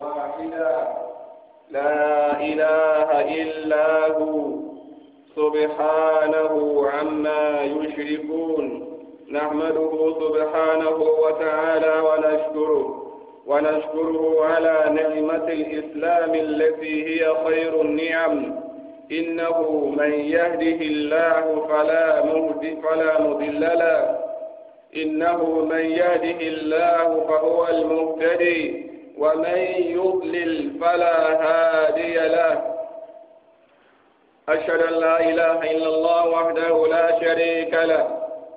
واحدا لا إله إلا هو سبحانه عما يشركون نحمده سبحانه وتعالى ونشكره ونشكره على نعمة الإسلام التي هي خير النعم إنه من يهده الله فلا مهد فلا مضل له إنه من يهده الله فهو المهتدي ومن يضلل فلا هادي له أشهد أن لا إله إلا الله وحده لا شريك له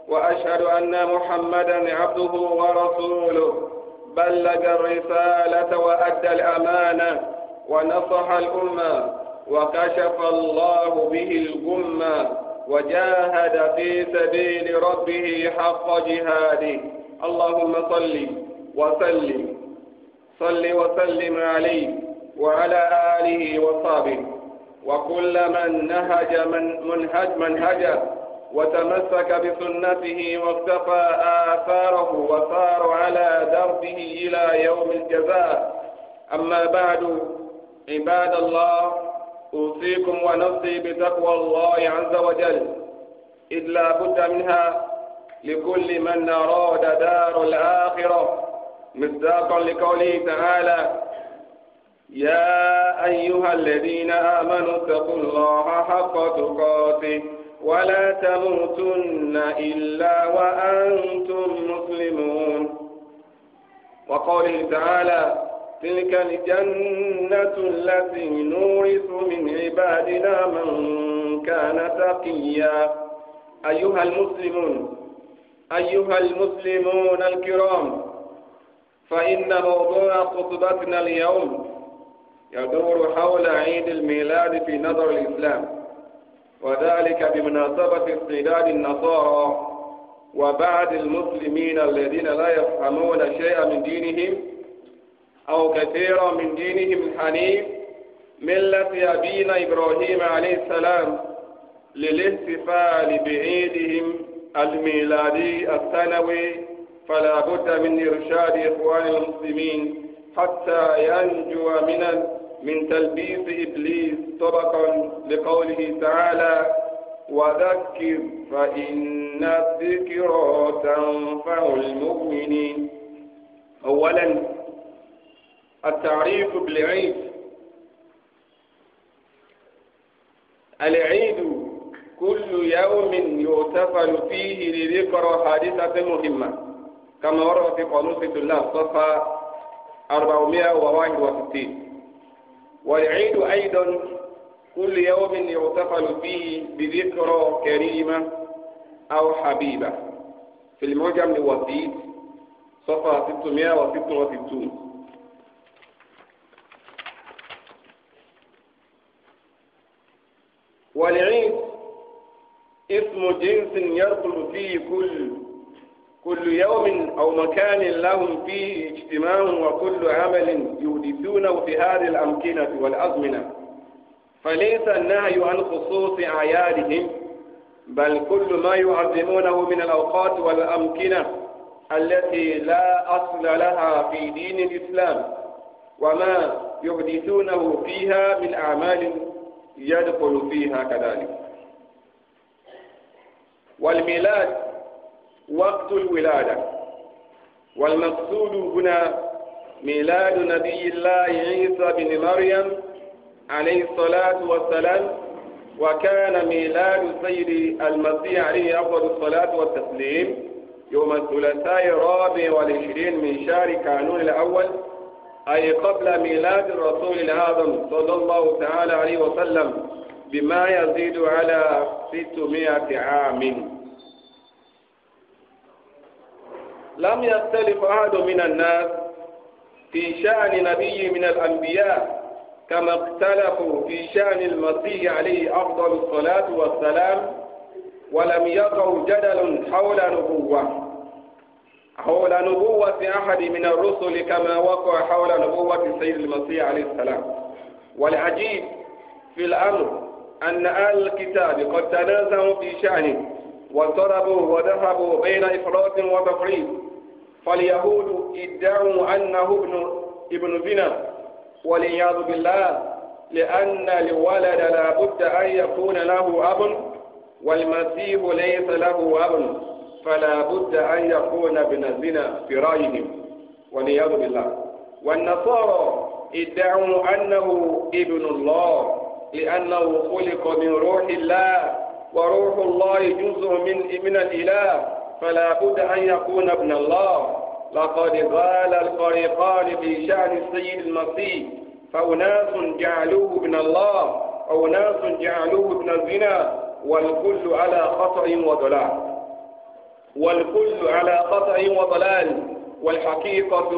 وأشهد أن محمدا عبده ورسوله بلغ الرسالة وأدى الأمانة ونصح الأمة وكشف الله به الغمة وجاهد في سبيل ربه حق جهاده اللهم صل وسلم صل وسلم عليه وعلى آله وصحبه وكل من نهج من منهج منهجه وتمسك بسنته واقتفى آثاره وصار على دربه إلى يوم الجزاء أما بعد عباد الله أوصيكم ونفسي بتقوى الله عز وجل إذ لا بد منها لكل من أراد دار الآخرة مصداقا لقوله تعالى يا أيها الذين آمنوا اتقوا الله حق تقاته ولا تموتن إلا وأنتم مسلمون وقوله تعالى تلك الجنة التي نورث من عبادنا من كان تقيا أيها المسلمون أيها المسلمون الكرام فإن موضوع خطبتنا اليوم يدور حول عيد الميلاد في نظر الإسلام وذلك بمناسبة اصطداد النصارى وبعد المسلمين الذين لا يفهمون شيئا من دينهم أو كثيرا من دينهم الحنيف ملة أبينا إبراهيم عليه السلام للاحتفال بعيدهم الميلادي السنوي فلا بد من إرشاد إخوان المسلمين حتى ينجو من من تلبيس إبليس طبقا لقوله تعالى وذكر فإن الذكرى تنفع المؤمنين أولا التعريف بالعيد العيد كل يوم يغتفل فيه لذكرى حادثة مهمة كما ورد في قانون سيد الله صفحة 461 والعيد أيضا كل يوم يعتقل فيه بذكرى كريمة أو حبيبة في المعجم الوسيط صفحة 666 والعيد اسم جنس يدخل فيه كل كل يوم أو مكان لهم فيه اجتماع وكل عمل يودثونه في هذه الأمكنة والأزمنة فليس النهي عن خصوص أعيادهم بل كل ما يعظمونه من الأوقات والأمكنة التي لا أصل لها في دين الإسلام وما يحدثونه فيها من أعمال يدخل فيها كذلك والميلاد وقت الولادة والمقصود هنا ميلاد نبي الله عيسى بن مريم عليه الصلاة والسلام وكان ميلاد سيد المسيح عليه أفضل الصلاة والتسليم يوم الثلاثاء الرابع والعشرين من شهر كانون الأول أي قبل ميلاد الرسول الأعظم صلى الله تعالى عليه وسلم بما يزيد على 600 عام لم يختلف أحد من الناس في شأن نبي من الأنبياء كما اختلفوا في شأن المسيح عليه أفضل الصلاة والسلام ولم يقع جدل حول نبوة حول نبوة أحد من الرسل كما وقع حول نبوة سيد المسيح عليه السلام والعجيب في الأمر أن أهل الكتاب قد تنازعوا في شأنه وضربوا وذهبوا بين إفراط وتفريط فاليهود ادعوا أنه ابن ابن زنا والعياذ بالله لأن الولد لا بد أن يكون له أب والمسيح ليس له أب فلا بد أن يكون ابن الزنا في رأيهم والعياذ بالله والنصارى ادعوا أنه ابن الله لأنه خلق من روح الله وروح الله جزء من من الإله فلا بد أن يكون ابن الله لقد قال الفريقان في شأن السيد المسيح فأناس جعلوه ابن الله أناس جعلوه ابن الزنا والكل على خطأ وضلال والكل على خطأ وضلال والحقيقة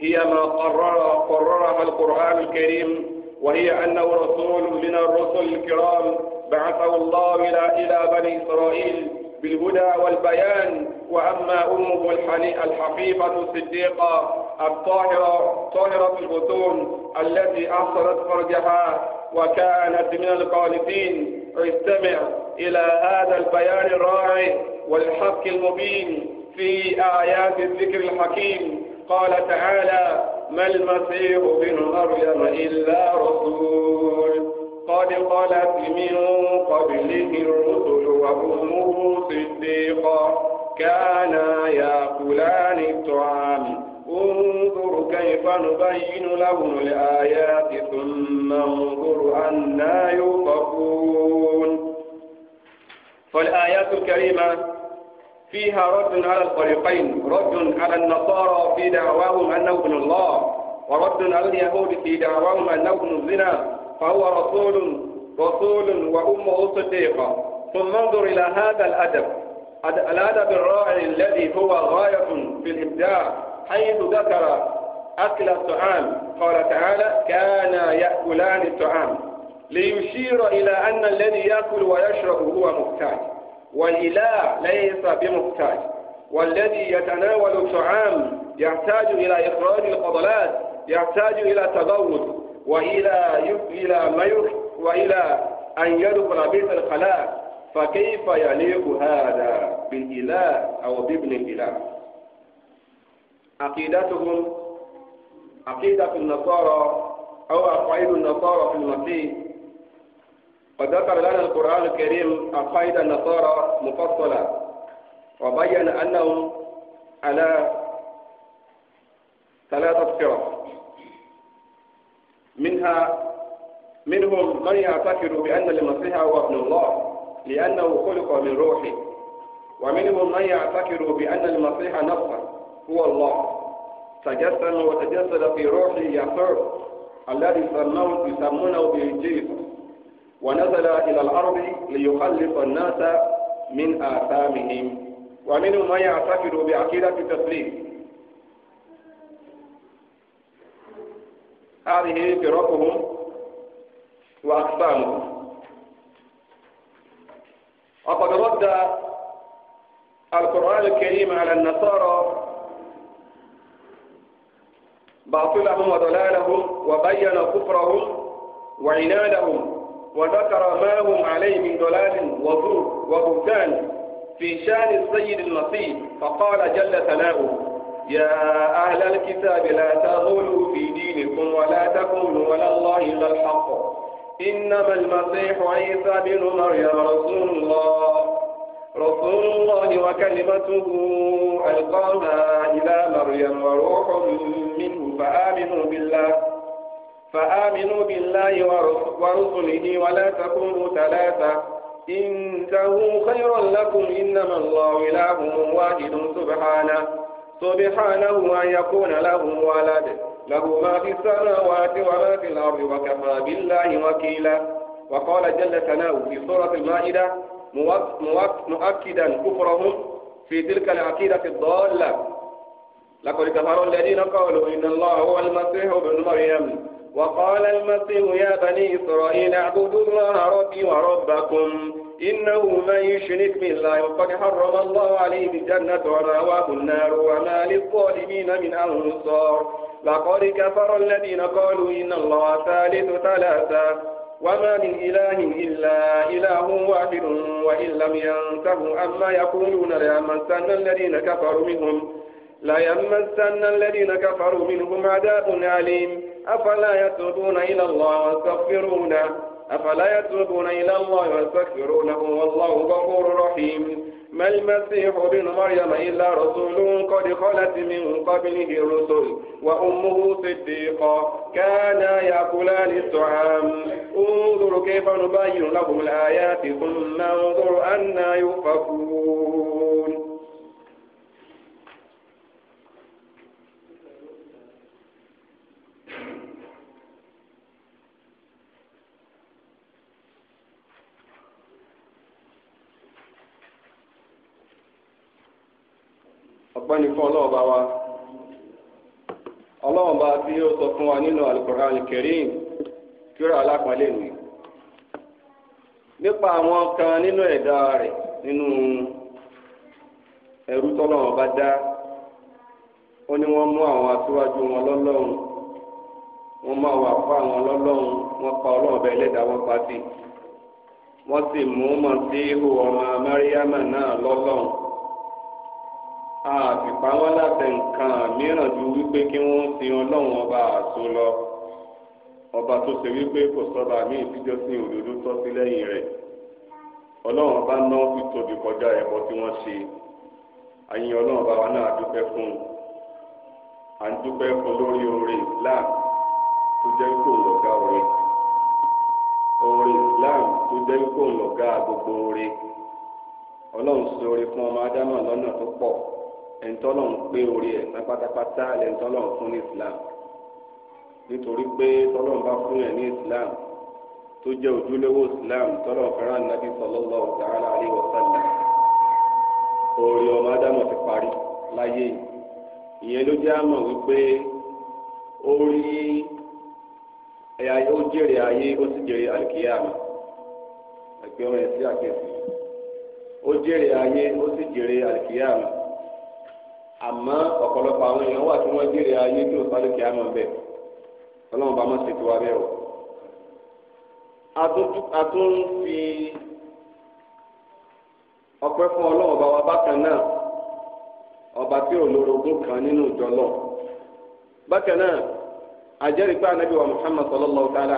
هي ما قرر قررها القرآن الكريم وهي أنه رسول من الرسل الكرام بعثه الله إلى إلى بني إسرائيل بالهدى والبيان وأما أمه الحقيقة الصديقة الطاهرة طاهرة البطون التي أحصلت فرجها وكانت من القانتين استمع إلى هذا البيان الرائع والحق المبين في آيات الذكر الحكيم قال تعالى ما المسيح بن مريم إلا رسول قد خلت من قبله الرسل وأمه صديقا كانا يأكلان الطعام انظر كيف نبين لهم الآيات ثم انظر أنا يؤفكون فالآيات الكريمة فيها رد على الفريقين رد على النصارى في دعواهم أنه ابن الله ورد على اليهود في دعواهم أنه ابن الزنا فهو رسول رسول وأمه صديقة ثم انظر إلى هذا الأدب الأدب الرائع الذي هو غاية في الإبداع حيث ذكر أكل الطعام قال تعالى كان يأكلان الطعام ليشير إلى أن الذي يأكل ويشرب هو محتاج والإله ليس بمحتاج والذي يتناول الطعام يحتاج إلى إخراج الفضلات يحتاج إلى تبول وإلى إلى ميح وإلى أن يدخل بيت الخلاء فكيف يليق هذا بالإله أو بابن الإله عقيدتهم عقيدة النصارى أو عقائد النصارى في المسيح قد ذكر لنا القرآن الكريم عقائد النصارى مفصلا وبين أنهم على ثلاثة فرق منها منهم من يعتقد بأن المسيح هو ابن الله لأنه خلق من روحه ومنهم من يعتقد بأن المسيح نفسه هو الله تجسم وتجسد في روح يسوع الذي يسمونه بجيسوس ونزل إلى الأرض ليخلص الناس من آثامهم ومنهم من يعتقد بعقيدة التسليم هذه فرقهم وأقسامهم وقد رد القرآن الكريم على النصارى باطلهم وضلالهم وبين كفرهم وعنادهم وذكر ما هم عليه من ضلال وضور وبهتان في شان السيد المسيح فقال جل ثناؤه يا أهل الكتاب لا تغلوا في دينكم ولا تقولوا ولا الله إلا الحق إنما المسيح عيسى بن مريم رسول الله رسول الله وكلمته ألقاها إلى مريم وروح منه فآمنوا بالله فآمنوا بالله ورسله ولا تكونوا ثلاثة إنتهوا خير لكم إنما الله إله واحد سبحانه سبحانه أن يكون له ولد له ما في السماوات وما في الأرض وكفى بالله وكيلا وقال جل ثناؤه في سورة المائدة مؤكدا كفرهم في تلك العقيدة الضالة لقد كفروا الذين قالوا إن الله هو المسيح ابن مريم وقال المسيح يا بني إسرائيل اعبدوا الله ربي وربكم إنه من يشرك بالله فقد حرم الله عليه الجنة ومأواه النار وما للظالمين من أنصار لقد كفر الذين قالوا إن الله ثالث ثلاثة وما من إله إلا إله واحد وإن لم ينتهوا أما يقولون ليمسن الذين كفروا منهم ليمسن الذين كفروا منهم عذاب أليم أفلا يتوبون إلى الله ويستغفرون أفلا يتوبون إلى الله ويستغفرونه والله غفور رحيم ما المسيح بن مريم إلا رسول قد خلت من قبله الرسل وأمه صديقة كانا يأكلان الطعام انظر كيف نبين لهم الآيات ثم انظر أنا يؤفكون ọpẹ́ ní fún ọlọ́ọ̀bá wa ọlọ́ọ̀bá tí ó sọ fún wa nínú Al-Qur'an Al-Karim kíra alápọ̀nlé nìyí nípa àwọn kan nínú ẹ̀dá rẹ̀ nínú ẹ̀rú tọ́lọ́wọ́n bá dá ó ní wọ́n mú àwọn aṣíwájú wọn lọ́lọ́run wọ́n mú wà àwọn lọ́lọ́run wọn pa sí àfìpá wọn láti nǹkan mìíràn ju wípé kí wọ́n sin ọlọ́run ọba àṣọ lọ ọba tó ṣe wípé kò sọ́ba míì tíjọ́ sí òdodo tọ́ sí lẹ́yìn rẹ̀ ọlọ́run ọba náà fi tóbi kọjá ẹ̀bọ tí wọ́n ṣe àyìn ọlọ́run ọba wa náà dúpẹ́ fún un à ń dúpẹ́ fún lórí oore Islam tó jẹ́ kó ń lọ́gá oore oore Islam tó jẹ́ kó ń gbogbo oore ọlọ́run ṣe oore fún ọmọ Ádámà lọ́nà tó pọ̀. ẹ̀ńtọ́lọ̀ ń pé orí ẹ̀ pátápátá lẹ́ńtọ́lọ̀ fún ní islam nítorí pé bá fún ẹ̀ ní islam tó jẹ́ ojúlówó islam tọ́lọ̀ fẹ́ràn nàbí sallallahu ta'ala alaihi wa orí ọmọ ádámọ̀ ti parí láyé ìyẹn ló jẹ́ àmọ̀ wípé orí ẹ̀yà ó jèrè ayé ó sì jèrè àlùkìyàmù sí ayé ó sì jèrè àlùkìyàmù. àmọ́ ọ̀pọ̀lọpọ̀ àwọn èèyàn wà tí wọ́n jèrè ayé tí òsánlẹ̀ kìá mọ̀ bẹ́ẹ̀ ọlọ́run bá a tún fi ọpẹ́ fún ọlọ́run bá wa bákan náà ọba tí olórogún kan nínú ìjọ bákan náà àjẹ́rìí pé wa Muhammad sallallahu ta'ala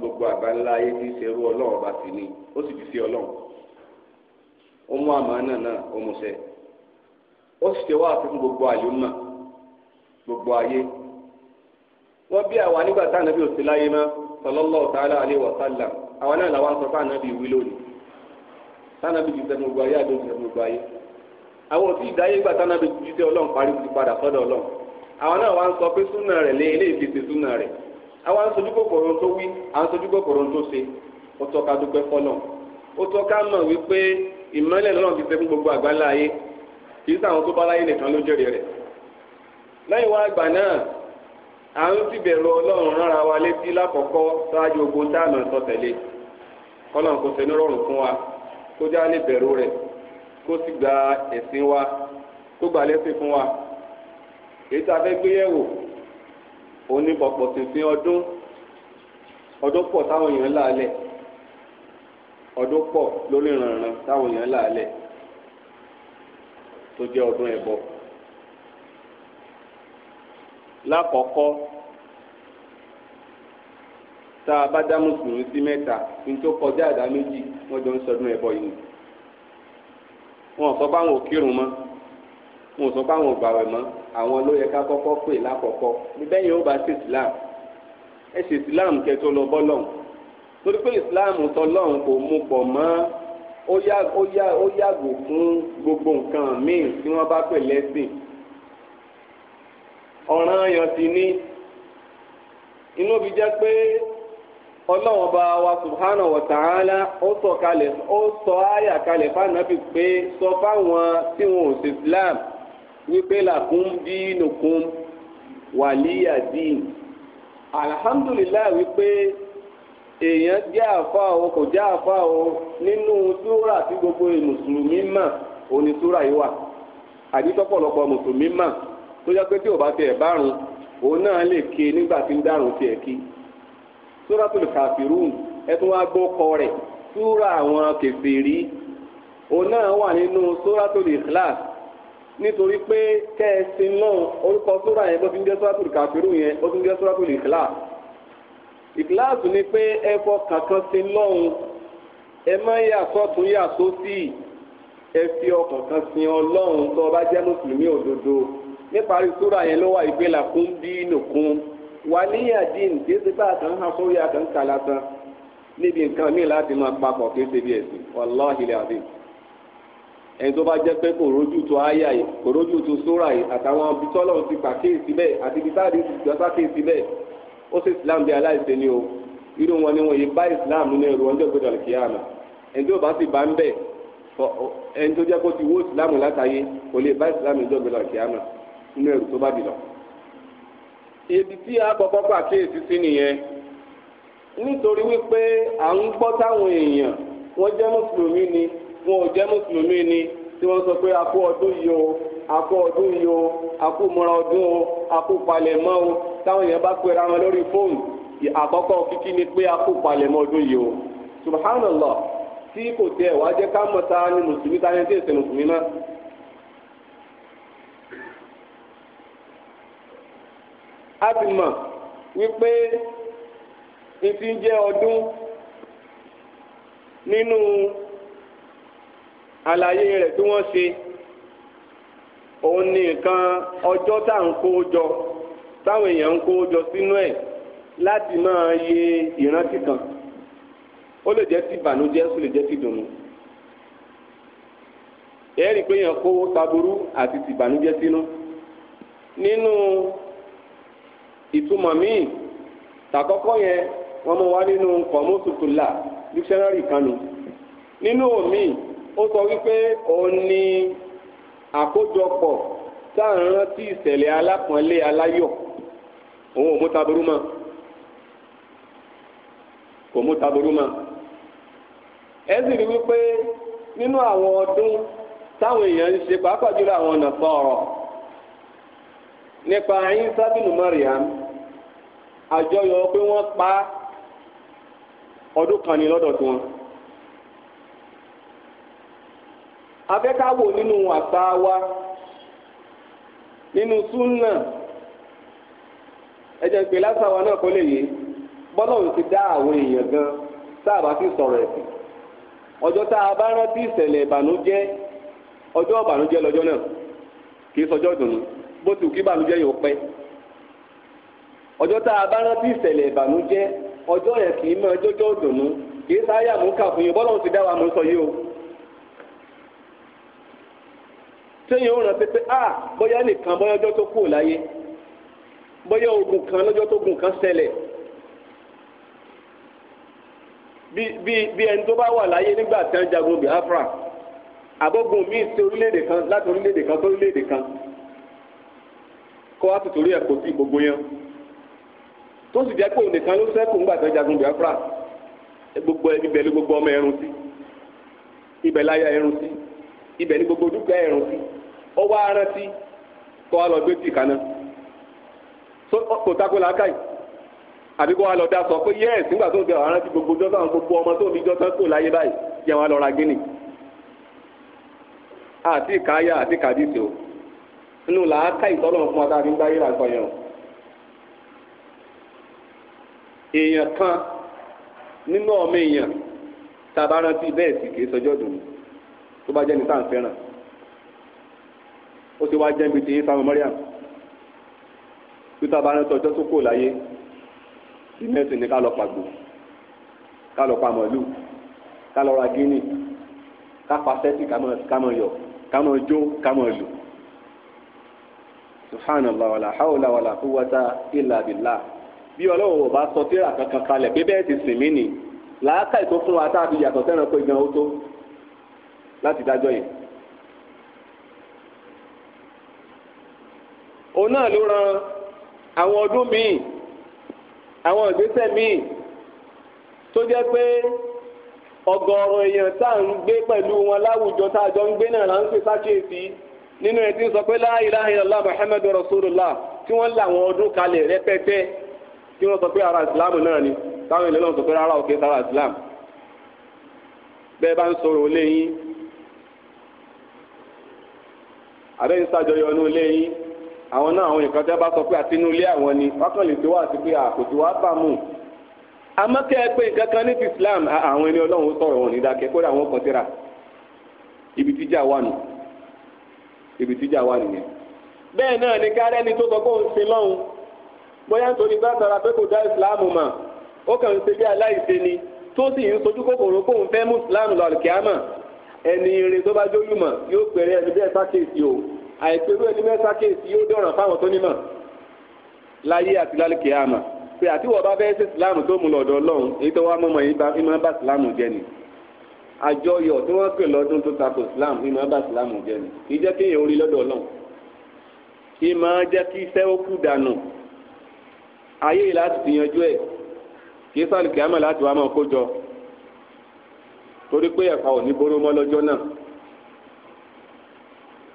gbogbo àgbáńlá ayé tí ń ṣerú ọlọ́run ọba ó mú na náà ó mú ṣẹ ó sì gbogbo wá fún gbogbo gbogbo ayé wọ́n bí àwa nígbà tá ànábì ò láyé mọ́ wa àwa náà làwọn sọ fún ànábì wí lónìí tánàbì ti sẹ́nu gbogbo ayé àdó ti gbogbo ayé àwọn òtí ìdáyé gbà parí ti náà wà ń sọ pé ìmọ́lẹ̀ lọ́nà ti sẹ́kún gbogbo àgbáńlá ayé kì í sàwọn tó bá láyé nìkan ló jẹ́rìí rẹ̀ lẹ́yìn wá àgbà náà à ń sì bẹ̀rù ọlọ́run rárá wa létí lákọ̀ọ́kọ́ ṣáájú ogun tá à ń sọ tẹ̀lé kọ́nà kò sẹ́ni rọrùn fún wa kó já lè bẹ̀rù rẹ̀ kó sì gba ẹ̀sìn wa kó gbà lẹ́sìn fún wa èyí tá a fẹ́ gbé yẹ̀wò òun ni pọ̀pọ̀ sínsìn ọdún ọdún pọ̀ táwọn èèyàn láàlẹ̀ ọdún pọ̀ lórí ìrànràn táwọn èèyàn làálẹ̀ tó jẹ́ ọdún ẹ̀bọ. lákọ̀ọ́kọ́ tá a bá dá mùsùlùmí sí mẹ́ta ní tó kọjá àdá méjì wọ́n jọ ń sọdún ẹ̀bọ yìí wọn sọ fáwọn ò kírun mọ́ wọn sọ fáwọn ò gbàwẹ̀ mọ́ àwọn ló yẹ ká kọ́kọ́ pè lákọ̀ọ́kọ́ bẹ́ẹ̀ yóò bá ṣe Islam ẹ ṣe Islam kẹ́ lọ bọ́lọ́hùn torí pé ìsìláàmù tọlọ́run kò mú pọ̀ mọ́ ó yàgò fún gbogbo nǹkan míì tí wọ́n bá pè lẹ́sìn ọ̀ràn ayàn ti ní inú bí jẹ́ pé ọlọ́run ọba wa subhanahu wa ta'ala ó sọ kalẹ̀ ó sọ àyà kalẹ̀ fáànàbì pé sọ fáwọn tí wọn ò sí islam wípé làkún dínukum wàlíyà dín alhamdulilayi wípé èèyàn jẹ́ àfa o kò jẹ́ àfa o nínú súrà tí gbogbo mùsùlùmí mà òní súrà yìí wà àbí tọ́pọ̀lọpọ̀ mùsùlùmí mà tó yẹ pé tí ò bá tiẹ̀ bárun òun náà lè ké nígbà tí ń dárun tiẹ̀ kí súràtul kàfírùn ẹ tún wá gbọ́ kọ rẹ̀ súrà àwọn kèfèrí òun náà wà nínú súràtul ikhlas nítorí pé kẹ́ẹ̀sìn náà orúkọ súrà yẹn bó ti ń jẹ́ súràtul kàfírùn yẹn ó ti ń jẹ́ súràtul ikhlas ìkíláàsì ni pé ẹ fọkàn kan sí lọ́hùn ẹ má yà sọ́tún yà sósì ẹ fi ọkàn kan sí ọlọ́hun tó o bá jẹ́ mùsùlùmí òdodo níparí sóra yẹn ló wà ìgbéla fún dínùkún wà níyà dín déédéé bá a kan hàn sórí a kan kàlà tán níbi nǹkan míì láti máa papọ̀ kí n ṣe bí ẹ̀sìn wàláhì lẹ́àbí. ẹni tó bá jẹ́ pé kò rójú tó àyà yìí kò rójú tó sóra yìí àtàwọn ibi tọ́lọ̀ ti pàkíyèsí bẹ́ẹ̀ àti ibi táàdì ti gbọ́ sákèsí bẹ́ẹ̀ ó sì islam bí aláìsẹ ni o irú wọn ni wọn yìí bá islam nínú ẹrù ọjọ́ gbọdọ̀ kíyàmà ẹni tó bá sì bá ń bẹ̀ ẹni tó jẹ́ kó ti wó islam látàyè kò lè bá islam níjọ́ gbọdọ̀ kíyàmà nínú ẹrù tó bá dì lọ. ibi tí a kọ́kọ́ gbà kíyèsí sí nìyẹn nítorí wípé à ń gbọ́ táwọn èèyàn wọ́n jẹ́ mùsùlùmí ni wọn ò jẹ́ mùsùlùmí ni tí wọ́n sọ pé a kú ọdún yìí o a kú ọdún yìí o a kú múra ọdún o a kú palẹ̀mọ́ o táwọn èèyàn bá pera wọn lórí fóònù àkọ́kọ́ kíkí ni pé a kó palẹ̀mọ́ ọdún yìí o subhanallah tí kò tiẹ̀ wá jẹ́ ká mọ̀ ta ni mùsùlùmí ta ni tí èsè mùsùlùmí náà. a ti mọ̀ wípé ìfi ń jẹ́ ọdún nínú àlàyé rẹ̀ tí wọ́n ṣe òun ni nǹkan ọjọ́ tá à ń kó jọ. táwọn èèyàn ń kó jọ sínú ẹ̀ láti máa yẹ ìrántí kan ó lè jẹ́ ti ìbànújẹ́ ó lè jẹ́ ti ìdùnnú ẹ̀rí pé èèyàn kó taburú àti ti ìbànújẹ́ sínú nínú ìtumọ̀ míì tàkọ́kọ́ yẹn wọ́n mú wá nínú kọ̀mọ́tòtòlà dictionary kanu nínú omi ó sọ wípé òun ni àkójọpọ̀ tá à ń rántí ìṣẹ̀lẹ̀ alápọ̀nlé aláyọ̀. òun ò mú taburú mọ́ kò mú taburú mọ́ ẹ sì rí wípé nínú àwọn ọdún táwọn èèyàn ń ṣe pàápàá jùlọ àwọn ọ̀nà sọ̀rọ̀ nípa ayín sábìnú Mariam àjọyọ̀ pé wọ́n pa ọdún kan ní lọ́dọ̀ tí wọn. abẹ́káwò nínú àṣà wa nínú súnà. ẹjẹ pé lasawa wa náà kó lè yé ti dá àwọn èèyàn gan sáàbà ti sọrọ ẹ̀sìn ọjọ́ tá a bá rántí ìṣẹ̀lẹ̀ ìbànújẹ́ ọjọ́ náà kì í sọjọ́ ìdùnnú bó ti kí ìbànújẹ́ yóò pẹ́ ọjọ́ tá a bá rántí sọ yìí o ó rántí pé a ah, bóyá nìkan bóyá ogun kan lọ́jọ́ tó gun kan ṣẹlẹ̀ bí bí bí ẹni tó bá wà láyé nígbà tí wọ́n jagun Biafra àbógun míì sí orílẹ̀-èdè kan láti orílẹ̀-èdè kan sí orílẹ̀-èdè kan kọ́ àtútúrí ẹ̀kọ́ sí gbogbo yẹn tó sì jẹ́ pé òun nìkan ló ṣẹ́kù ńgbà tí wọ́n jagun Biafra gbogbo ibẹ̀ ló gbogbo ọmọ ẹrun sí ibẹ̀ láyà ẹrun sí ibẹ̀ ní gbogbo dúkìá ẹrun sí ọwọ́ arántí kọ́ àlọ́ gbé tì kaná kò tako làákàyè àbí kó wa lọ da sọ pé yẹ́ẹ̀sì nígbà tó ń bẹ àwọn aráàlú gbogbo jọ́sán àwọn gbogbo ọmọ tó ń bí jọ́sán kò láyé báyìí jẹ́ wọn lọ ra gíní. àti ìkáyà àti kàdísì o inú làákàyè tọ́lọ̀ fún wa tá a fi ń gbáyé ra nǹkan yẹn o. èèyàn kan nínú ọmọ èèyàn tá a bá rántí bẹ́ẹ̀ sì kì í sọjọ́ dùn tó bá jẹ́ ní sáà ń fẹ́ràn ó ti wá jẹ́ ibi yín sáwọn mọ́ríàmù títà bá rántí ọjọ́ tó kò láyé ìmẹ́sì ni ká lọ pàgbò ká lọ pa mọ̀lú ká lọ ra gíní ká pa sẹ́tì ká mọ̀ yọ ká mọ̀ jó ká mọ̀ lù subhanallah wàlà hawla wàlà quwwata illa billah bí ọlọ́run bá sọ tírà kankan kalẹ̀ pé bẹ́ẹ̀ ti sìn mí nì làákàyè tó fún wa tá a fi yàtọ̀ sẹ́ran pé gan ó tó láti dájọ́ yìí. òun náà ló ran àwọn ọdún míì àwọn ìgbésẹ̀ míì tó jẹ́ pé ọ̀gọ̀ọ̀rọ̀ èèyàn tá à ń gbé pẹ̀lú wọn láwùjọ tá jọ ń gbé náà là ń pè sákèésí nínú ẹ ti sọ pé la ilaha illallah muhammadur rasulullah tí wọ́n là wọn ọdún kalẹ̀ rẹpẹtẹ tí wọ́n sọ ara ìsìláàmù náà ni táwọn ènìyàn sọ pé rárá òkè sára bá àwọn náà àwọn nǹkan tẹ́ bá sọ pé àtinú ilé àwọn ni wákàn lè ti wá àti pé àkòtí wá bà mú àmọ́ kẹ́ ẹ pé nǹkan kan ní ti Islam àwọn ẹni Ọlọ́run sọ̀rọ̀ wọn ní dákẹ́ kódà wọn kàn síra ibi tíjà wà nù ibi tíjà wà nìyẹn bẹ́ẹ̀ náà ni kárẹ́ ni tó sọ pé òun sin lọ́hùn bóyá nítorí bá sara pé kò dá Islam mà ó kàn ń ṣe bí aláìṣe ni tó sì ń sojú kòkòrò pé òun fẹ́ mú Islam lọ àlùkìyàmà ẹni irin tó bá jóyùmọ̀ yóò pèrè ẹni bí ẹ sákèsì àìpẹ̀rú ẹni mẹ́sà kéèsì yóò dọ̀ràn fáwọn tó nímọ̀ láyé àti lálùkè àmà pé àtiwọ̀ bá bẹ́ẹ́ sí ìsìláàmù tó mú lọ́dọ̀ ọlọ́run èyí tó wá mọ́mọ́ yìí máa bá ìsìláàmù jẹ ni àjọyọ̀ tí wọ́n pè lọ́dún tó takò ìsìláàmù yìí máa bá ìsìláàmù jẹ ni kì í jẹ́ kéèyàn orí lọ́dọ̀ ọlọ́run kì í máa jẹ́ kí iṣẹ́ ó kú dànù ayé yìí láti tìyànjú ẹ̀ kì í sàlùkè àmà láti wá máa kó jọ torí pé ẹ̀fà ò ní boró mọ́ lọ́jọ́ náà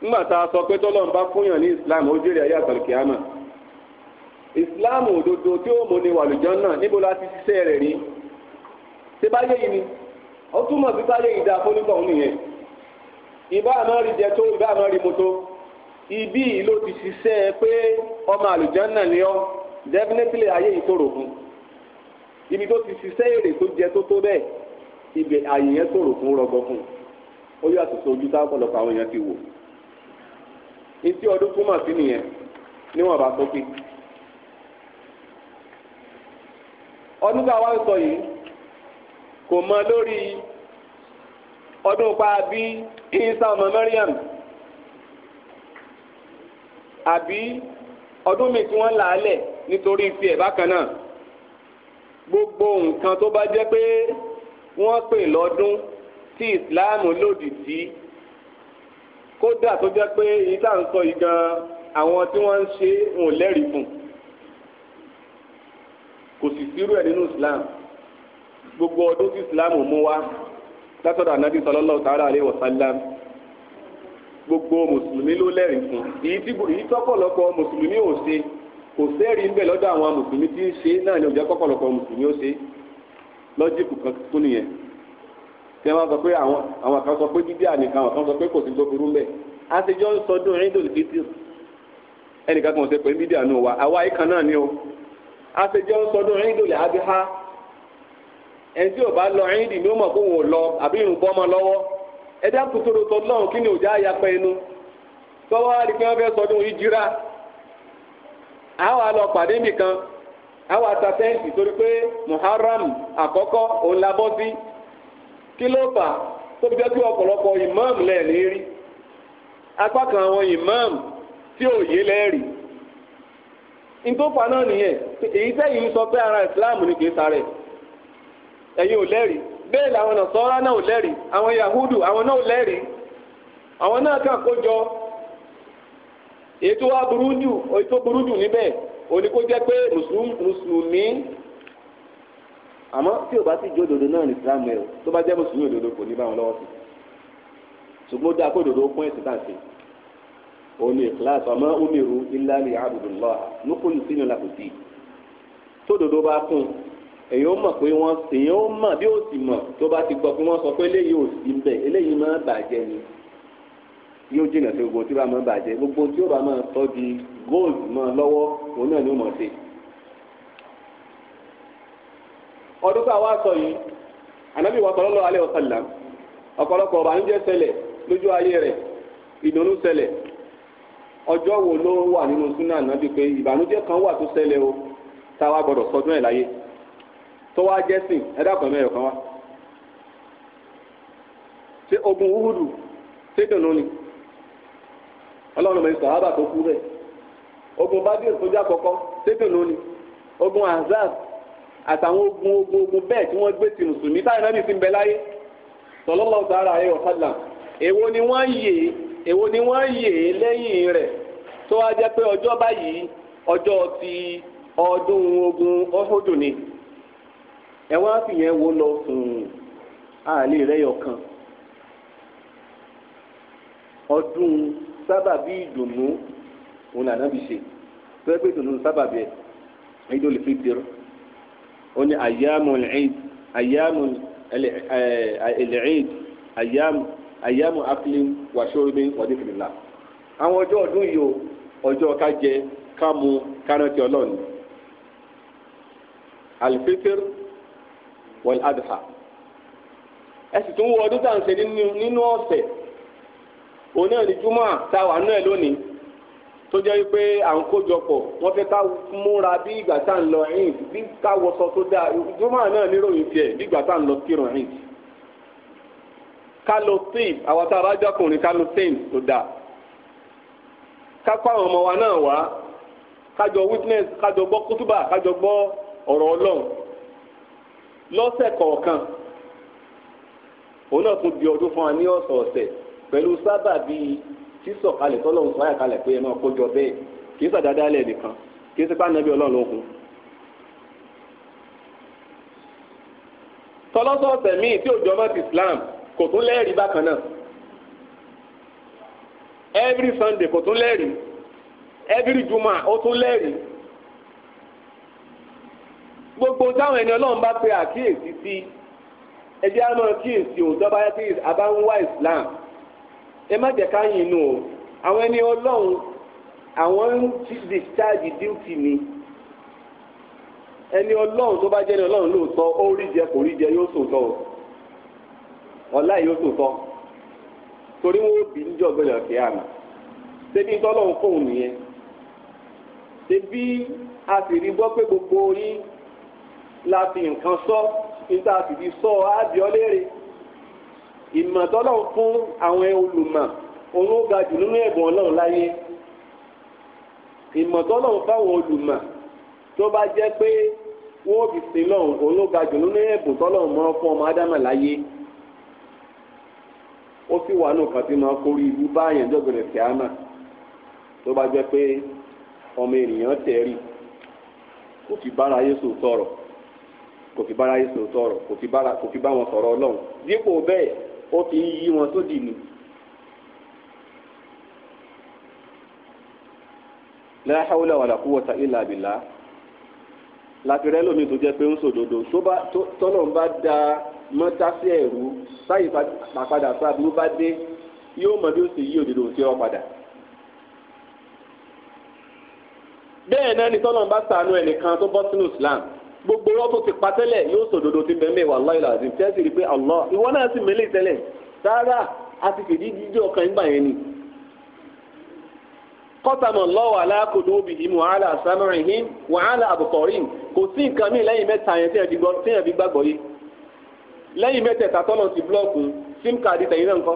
ńgbà a sọ pé tọ́lọ́run bá fúnyàn ní islam ó jèrè ayé àtàlùkìámà islam òdodo tí ó mú ni wàlùjọ́ náà níbo la ti ṣiṣẹ́ rẹ̀ rí ṣé báyé yìí ni ó túmọ̀ sí báyé yìí dáa fónítọ̀ òun nìyẹn ìbá àmọ́ rí jẹ tó ìbá àmọ́ rí mu tó ibí yìí ló ti ṣiṣẹ́ pé ọmọ àlùjọ́ náà ni ọ́ definitely ayé yìí tó rò fún ibi tó ti ṣiṣẹ́ èrè tó jẹ tó tó bẹ́ẹ̀ ibẹ̀ àyè yẹn tó rò fún fún ó yàtọ̀ sí ojú tá ọ̀pọ̀lọpọ̀ àwọn èèyàn ti wò etí ọdún túmọ̀ sí nìyẹn níwọ̀n bá sókè. ọdún tá a wá ń sọ yìí kò mọ lórí ọdún pa bí Isa ọmọ Mariam àbí ọdún mi tí wọ́n là á lẹ̀ nítorí ti ẹ̀ bákan náà gbogbo nǹkan tó bá jẹ́ pé wọ́n pè lọ́dún tí ìsìláàmù lòdì sí. Si kódà tó jẹ́ pé èyí tá à ń sọ yìí gan àwọn tí wọ́n ń ṣe wọn ò lẹ́rìí fún kò sì sírú ẹ̀ nínú Islam gbogbo ọdún tí Islam mú wá látọ̀dọ̀ ànábì sallallahu ta'ala alaihi wasallam gbogbo mùsùlùmí ló lẹ́rìí fún èyí tí èyí tọ́pọ̀lọpọ̀ mùsùlùmí ò ṣe kò sẹ́rìí ńbẹ̀ lọ́dọ̀ àwọn mùsùlùmí tí ń ṣe náà ni ò jẹ́ pọ̀pọ̀lọpọ̀ mùsùlùmí ó ṣe lọ́jìkù kan tó nìyẹn tí wọ́n sọ pé àwọn àwọn kan sọ pé bíbí àníkan àwọn kan sọ pé kò sí tó burú mbẹ àtijọ́ ń sọdún Eidul Fitr ẹnìkan kan ò pé bíbí àánú wa àwa ìkan náà ni o àtijọ́ sọdún Eidul Adha ẹni tí ò bá lọ Eid ni ó mọ̀ kó wọn lọ àbí irun bọ́ lọ́wọ́ ẹ dákun tó lọ kí ni òjá ayapẹ inú tọ́wọ́ àrí pé wọ́n fẹ́ sọdún ìjírá àwọn àlọ́ pàdé nìkan àwọn àtàtẹ́ǹtì torí pé Muharram àkọ́kọ́ òun la bọ́ sí kí ló fà tó fi jẹ́ kí ọ̀pọ̀lọpọ̀ ìmáàmù lẹ́ẹ̀ni rí apá kan àwọn ìmáàmù tí ò yé lẹ́ẹ̀rí ìtòfà náà nìyẹn èyí tẹ́yìn sọ pé ara Islam ni kì í sáré ẹ̀yin ò lẹ́ẹ̀rí bẹ́ẹ̀ làwọn nàṣọ́ra náà ò lẹ́ẹ̀rí àwọn yahudu àwọn náà ò lẹ́ẹ̀rí àwọn náà kàn kó jọ èyí tó wá burú jù èyí tó burú jù níbẹ̀ òní kó jẹ́ pé mùsùlùmí àmọ́ tí ò bá sì jó òdodo náà ní islam ẹ o tó bá jẹ́ mùsùlùmí òdodo kò ní bá wọn lọ́wọ́ sí ṣùgbọ́n ó dáa kó òdodo pọ́n ẹ̀sìn tàn sí òun ní ìkíláàsì ọmọ omiru illa li abudullah nukunu sínú làkùtì tó òdodo bá kún èyàn ó mọ̀ pé wọ́n èyàn ó mọ̀ bí ó sì mọ̀ tó bá ti gbọ́ pé wọ́n sọ pé eléyìí ò sí bẹ́ẹ̀ eléyìí máa bàjẹ́ ni yóò jìnà sí gbogbo tí ó bá máa bàjẹ́ gbogbo tí ó bá máa tọ́ di gold mọ́ lọ́wọ́ òun náà ni ó mọ̀ ṣe ọdún tá a sọ yìí ànábì wa sallallahu alaihi wasallam ọ̀pọ̀lọpọ̀ ọ̀bànújẹ́ ṣẹlẹ̀ lójú ayé rẹ̀ ìdùnnú ṣẹlẹ̀ ọjọ́ wo ló wà nínú súnà ànábì pé kan wà tó sẹlẹ o tá a sọdún ẹ̀ láyé tó wá ẹ mẹ́rin kan àtàwọn ogun ogun ogun bẹ́ẹ̀ tí wọ́n gbé ti mùsùlùmí táyà náà nìsín bẹ láyé sallallahu ta'ala alaihi wa èwo ni wọ́n yè èwo ni wọ́n yè lẹ́yìn rẹ̀ tó wá jẹ́ pé ọjọ́ báyìí ọjọ́ ti ọdún ogun ọ̀húndù ni ẹ wá fìyẹn wo lọ sùn àlè rẹ̀ yọkan ọdún sábàbí ìdùnnú òun làná fi ṣe pé pé ìdùnnú sábàbí ẹ ìdó lè fi dèrò ó ní àyàmù ẹ̀ẹ́d àyàmù ẹ̀ẹ́d àyàmù àyàmù aklim wàṣọ́rọ́bí wàdíkìlélà àwọn ọjọ́ ọdún yìí o ọjọ́ ká jẹ ká mu ká rántí ọlọ́run alifitr wal adha ẹ sì tún wọ ọdún tá à nínú ọ̀sẹ̀ òun náà ní júmọ́ táwa náà lónìí. tó jẹ́ wípé à ń kójọpọ̀ wọ́n fẹ́ ká múra bí ìgbà tá à ń lọ ẹ̀yìn bí ká wọṣọ tó dáa jùmọ̀ náà níròyìn tiẹ̀ bí ìgbà tá à ń lọ kírun ẹ̀yìn. ká lo tíìm àwọn tá a rájọ kùnrin ká lo tíìm tó dáa. ká kó àwọn ọmọ wa náà wá kájọ witness kájọ gbọ́ kútúbà kájọ gbọ́ ọ̀rọ̀ ọlọ́run lọ́sẹ̀ kọ̀ọ̀kan òun náà tún di ọdún fún wa ní ọ̀sọ̀ọ̀sẹ̀ pẹ̀lú sábà bíi sísọ̀kalẹ̀ tọ́lọ́hún sọ́yà kalẹ̀ pé ẹ máa kójọ bẹ́ẹ̀ kì í sàdáadáa lẹ̀ nìkan kì í sípà nàbí ọlọ́run ogun. tọ́lọ́sọ̀ọ̀sẹ̀ míì tí òjò ọmọ ti Islam kò tún lẹ́ẹ̀rí bákan náà every Sunday kò tún lẹ́ẹ̀rí every Juma ó tún lẹ́ẹ̀rí gbogbo táwọn ẹni ọlọ́run bá pe àkíyèsí sí ẹjẹ́ á máa kíyèsí òun tó bá yẹ kí àbá ń wá ẹ má jẹ́ ká yin inú o àwọn ẹni ọlọ́run àwọn ń discharge duty ni ẹni ọlọ́run tó bá jẹ́ ẹni ọlọ́run lóòótọ́ ó rí jẹ kò rí jẹ yóò sòótọ́ o ọ̀la yóò sòótọ́ torí wọn ò bí níjọ́ gbẹ̀lẹ̀ ọ̀kẹ́ àná ṣebí tọ́lọ́run fóun nìyẹn ṣebí a sì rí gbọ́ pé gbogbo yín la fi nǹkan sọ a sì fi sọ á bí ọ léèrè. ìmọ̀tọ́lọ̀ fún àwọn olùmọ̀ òun ó ga jù nínú ẹ̀bùn ọlọ́run láyé ìmọ̀tọ́lọ̀ fáwọn olùmọ̀ tó bá jẹ́ pé wọ́n fi sin lọ́run òun ó ga jù nínú ẹ̀bùn tọ́lọ̀ mọ́ fún ọmọ ádámà láyé ó sì wà nù máa kórí ibú báyẹn dọ́gbẹ̀rẹ̀ kíámà tó ọmọ ènìyàn tẹ̀rí kò fi bára ó fi ń yí wọn tó dì ní. la hawla wala quwwata illa billah láti rẹ́ lómi tó jẹ́ pé ń sòdodo tọ́lọ̀ ń bá da mọ́tá sí ẹ̀rú táyì pàpadà sábúrú bá dé yóò mọ bí ó sì yí òdodo tí ó padà. bẹ́ẹ̀ náà ni tọ́lọ̀ ń bá ṣàánú ẹnìkan tó bọ́ sínú Islam gbogbo rọ́tò ti pa tẹ́lẹ̀ yóò sòdodo ti mẹ́mẹ́ wà láìla àti tẹ́sí rí pé Allah ìwọ náà sì mẹ́lẹ̀ tẹ́lẹ̀ rárá a ti fìdí jíjẹ́ ọkàn ìgbà yẹn ni. kọ́tàmọ̀ lọ́wọ́ aláàkóso obì ìmọ̀ àlà sàmìrìn hìn wà àlà àbùkọ̀rìn kò sí nǹkan mí lẹ́yìn mẹ́ta yẹn téèyàn fi gbàgbọ́ yìí lẹ́yìn mẹ́tẹ̀ẹ̀ta tọ́lọ̀ ti búlọ́ọ̀kù sim káàdì tẹ̀yìn náà ńkọ́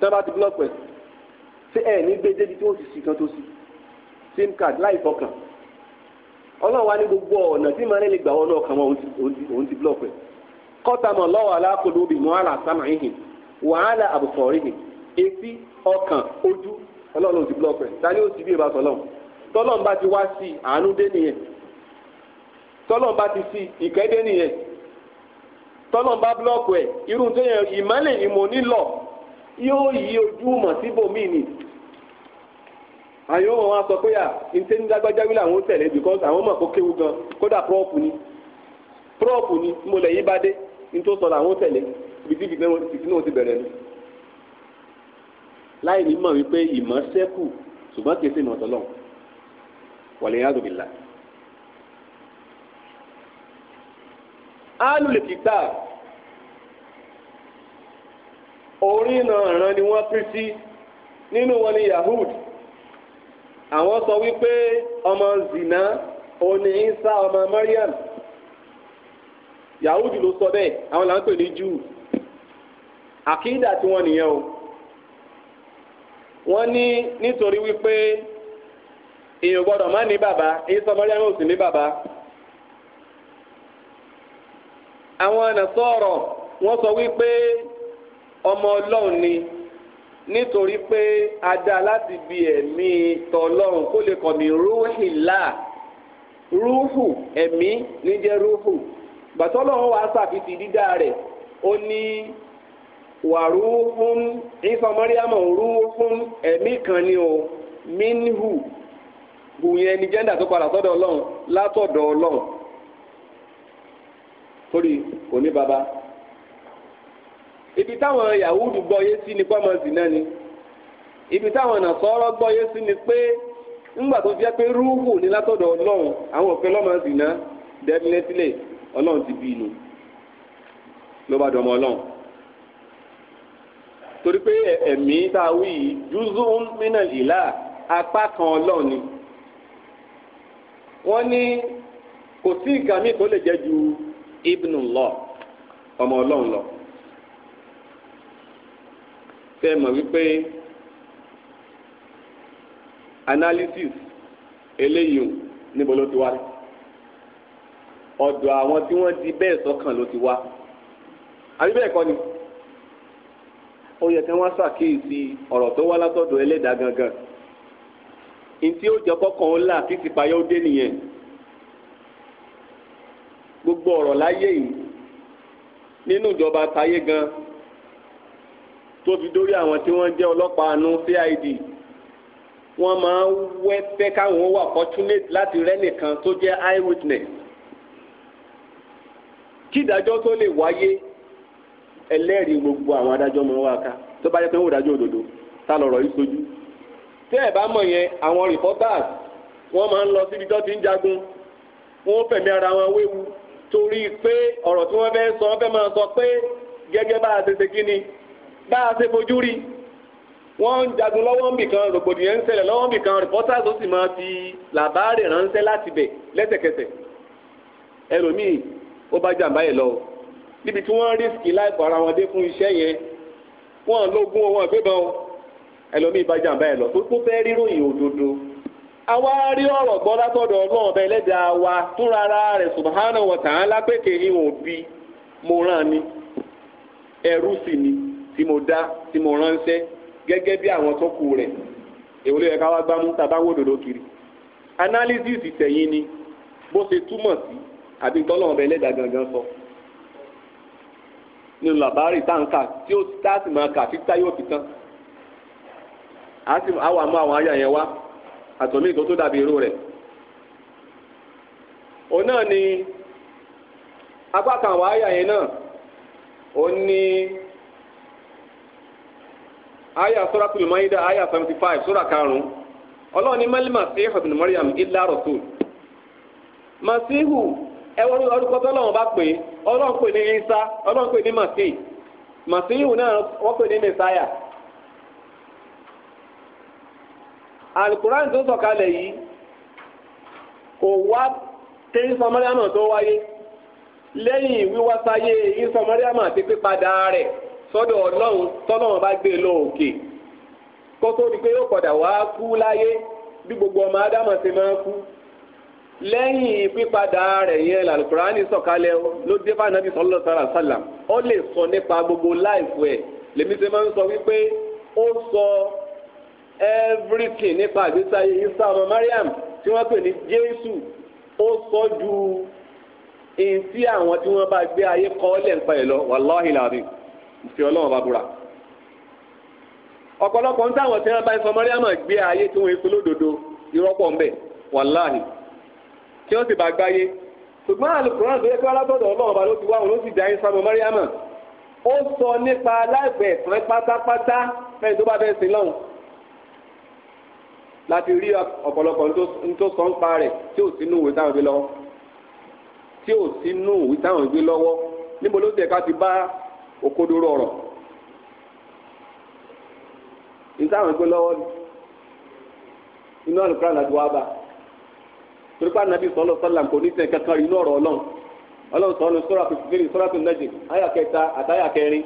tẹ́ bá ti búlọ́ọ̀kù ọlọ́run wa ní gbogbo ọ̀nà tí màá lè gbà wọn náà kàn wọn òun ti blọọkù ẹ̀ kọ́tàmọ̀ lọ́wọ́ alákòló bì mọ́ àlà sàmà ìhìn wàhálà àbùsọ̀rí hìn etí ọkàn ojú ọlọ́run ti blọọkù ẹ̀ ta ni ó ti bí ìbá sọlọ́run tọ́lọ́run bá ti wá sí àánú dé nìyẹn tọ́lọ́run bá ti sí ìkẹ́ dé nìyẹn tọ́lọ́run bá blọọkù ẹ̀ irú tó yẹn ìmọ̀lẹ̀ ìmọ̀ nílọ̀ yóò yí ojú mọ̀ síbòmíì nìyẹn àyàn wọn wá sọ pé à ntẹ́ ní lágbájáwí làwọn ó tẹ̀lé because àwọn mọ̀ kó kéwu gan kódà prọ́ọ̀pù ni prọ́ọ̀pù ni mo lẹ̀ yí bá dé ntọ́ sọ làwọn ó tẹ̀lé bìtì bìtì náà ti bẹ̀rẹ̀ ni. láì ní mọ̀ wípé ìmọ̀ sẹ́kù ṣùgbọ́n kì í ṣe ìmọ̀ tọ́lọ̀ wàlẹ̀ yàtọ̀ bìlà. alùlẹ̀ kìtà orí náà ràn ni wọ́n pín sí nínú wọn ni Yahudi. àwọn sọ wípé ọmọ zina òní Isa ọmọ Mariam Yahudu ló sọ bẹẹ, àwọn là ń pè ní Júù àkídà tí wọ́n nìyẹn o wọ́n ní nítorí wípé èèyàn gbọ́dọ̀ má ní bàbá Isa Mariam ò sì ní bàbá àwọn àna sọ̀rọ̀ wọ́n sọ wípé ọmọ Ọlọ́run ni. nítorí pé a dá láti bi ẹ̀mí tọlọ́run kó lè kọ̀ ní rúhìlá rúhù ẹ̀mí níjẹ́ rúhù gbàtọ́lọ́run wàá ṣàfihàn dídá rẹ̀ ó ní wàrúhùn ìfọmọ́ríàmọ̀ rúhùn ẹ̀mí kan ni o minhu bùyẹn ni jẹ́ndà tó padà sọ́dọ̀ ọlọ́run látọ̀dọ̀ ọlọ́run kò ní baba ibi táwọn yahudu gbọ́ yé sí ni pọ́mọ zina ni ibi táwọn nàṣọ́rọ́ gbọ́ yé ni pé ńgbà tó jẹ́ pé rúhù ní látọ̀dọ̀ ọlọ́run àwọn òfin lọ́mọ zina definitely ọlọ́run ti bí inú ló bá dọmọ ọlọ́run torí pé ẹ̀mí tá a wí yìí júzú mínà ìlà apá kan ọlọ́run ni wọ́n ní kò sí nǹkan míì tó lè jẹ́ ju ibnu lọ ọmọ ọlọ́run lọ tẹ́ mọ̀ wípé analysis eléyìí níbo ló ti wá ọ̀dọ̀ àwọn tí wọ́n di bẹ́ẹ̀ sọ́kàn ló ti wá àbí bẹ́ẹ̀ kọ́ ni ó yẹ kí wọ́n ṣàkíyèsí ọ̀rọ̀ tó wá látọ̀dọ̀ ẹlẹ́dàá gangan ntí ó jẹ́ kọ́kàn ó kí tìpáyà ó dé nìyẹn gbogbo ọ̀rọ̀ láyé yìí nínú ìjọba táyé gan tó fi dórí àwọn tí wọ́n jẹ́ ọlọ́pàá àánú CID wọ́n máa ń wẹ́ fẹ́ káwọn wà fortunate láti rẹ́nìkan tó jẹ́ eye witness kí ìdájọ́ tó lè wáyé ẹlẹ́rìí gbogbo àwọn adájọ́ máa wá ká tó bá yẹ pé ń wò dájọ́ òdodo tá lọ̀rọ̀ yìí sojú tẹ́ ẹ̀ bá mọ̀ yẹn àwọn reporters wọ́n máa ń lọ síbi tó ti ń jagun wọ́n fẹ̀mí ara wọn wéwu torí pé ọ̀rọ̀ tí wọ́n fẹ́ sọ wọ́n fẹ́ máa sọ pé gẹ́gẹ́ bá a ṣe ṣe kí ni bá a ṣe fojú rí wọ́n ń jagun lọ́wọ́ ń bìkan rògbòdìyàn ń ṣẹlẹ̀ lọ́wọ́ ń bìkan reporters ó sì máa fi làbáàrè ránṣẹ́ láti bẹ̀ lẹ́sẹ̀kẹsẹ̀ ẹlòmíì ó bá jàǹbá yẹn lọ o níbi tí wọ́n rísìkì láìpọ̀ ara wọn dé fún iṣẹ́ yẹn wọ́n lógún wọn gbébọn o ẹlòmíì bá jàǹbá yẹn lọ tó tó fẹ́ ríròyìn òdodo àwa rí ọ̀rọ̀ gbọ́ látọ̀dọ̀ ọlọ́run ọba ẹlẹ́dàá wa túnra ara rẹ̀ subhanahu wa ta'ala lápèkè ihò bí mo rán ni ẹrú sì ni tí mo dá tí mo ránṣẹ́ gẹ́gẹ́ bí àwọn tó kù rẹ̀ èwo ló yẹ ká wá gbámú tá wò dòdò kiri analysis tẹ̀yìn ni bó ṣe túmọ̀ sí àbí tọ́lọ̀ ọ̀bẹ ẹlẹ́dàá gangan sọ nínú làbárì tá à ń tí ó tá a sì máa kà títí táyé òfin tán a sì àwọn àmọ́ àwọn ayé yẹn wá àtọ̀mí ìtọ́ tó dàbí irú rẹ̀ òun náà ni apá kan àwọn ayé yẹn náà òun ní. aya suratul maida aya seventy five sura karun ún ọlọ́run ní mẹ́lí mariam illa rasul masihu ẹwọ́n orúkọ tọ́lọ́run bá pè ọlọ́run pè ní isa ọlọ́run pè ní masihu masihu náà wọ́n pè ní Messiah. alukuran tó sọ̀kalẹ̀ yìí kò wá kéyìn tó wáyé lẹ́yìn wíwá sáyé yìí pípadà rẹ̀. sọ́dọ̀ ọlọ́run tọ́lọ́run bá gbé e lọ òkè kó tó di pé yóò padà wá kú láyé bí gbogbo ọmọ ádámọ̀ ṣe máa kú lẹ́yìn pípadà rẹ̀ yẹn làlùkùránì sọ̀kalẹ̀ ló dé bá nàbí sọ́lọ́ sára sálà ó lè sọ nípa gbogbo láìfù ẹ̀ lèmi ṣe máa ń sọ wípé ó sọ everything nípa àgbésí ayé isa ọmọ Mariam tí wọ́n pè ní Jésù ó sọ ju èyí tí àwọn tí wọ́n bá gbé ayé kọ́ lẹ̀ ń pa ẹ̀ lọ wàláhìláàbí ìfẹ́ ọlọ́run bá búra ọ̀pọ̀lọpọ̀ ń táwọn tí wọ́n bá ń sọ mọ́ríàmọ̀ gbé ayé tí wọ́n èso lódodo irọ́pọ̀ ń bẹ̀ wàláhì tí wọ́n sì bá gbáyé ṣùgbọ́n àlùkùrán tó yẹ kí wọ́n látọ̀dọ̀ ọlọ́run bá ló ti wá òun ló sì dá yín sábọ̀ mọ́ríàmọ̀ ó sọ nípa aláìpẹ́ ẹ̀sán pátápátá fẹ́ni tó bá fẹ́ sin lọ́hùn láti rí ọ̀pọ̀lọpọ̀ ní tó sọ ń pa rẹ̀ tí ò sínú ìwé táwọn gbé lọ́wọ́ tí ò sínú ìwé táwọn gbé lọ́wọ́ níbo ló ti ẹ̀ka ti bá òkodoro ọ̀rọ̀ ìtàwọn ìgbé lọ́wọ́ ni inú àlùkò àlàdé wa bá torípa Anabi sọlọ sọlá kò ní kankan rí inú ọ̀rọ̀ ọlọ́run ọlọ́run sọ ọ́nù sọ́ra fífi sọ́ra fífi nàjì àyà kẹta àtàyà kẹrin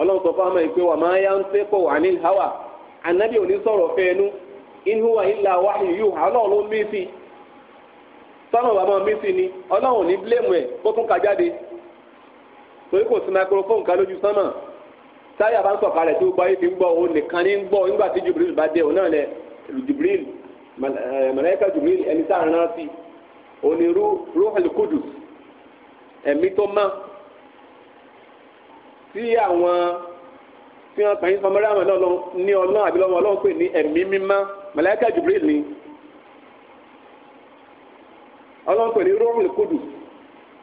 ọlọ́run sọ fún amáyé pé wà máa yá hawa Anabi ò ní sọ̀rọ̀ fẹ́ẹ́nu in huwa illa wahyu yuha ọlọ́run ló mí sí wà máa mí sí ni ò ní torí kò sí microphone kan lójú sánmà táyà bá ń sọ̀kalẹ̀ tí ó gbọ́ ibi ń gbọ́ òun nìkan ní ń gbọ́ nígbà tí Jibril bá dé òun náà lẹ Jibril eh, màláíkà Jibril ẹni tá à ń rántí òní Ruhul Qudus ẹ̀mí tó mọ́ tí àwọn tí wọ́n kàn yín sọmọ́rẹ́ àwọn náà ní ọlọ́run àbí lọ́wọ́ ọlọ́run pè ní ẹ̀mí mímọ́ màláíkà Jibril ni ọlọ́run pè ní Ruhul Qudus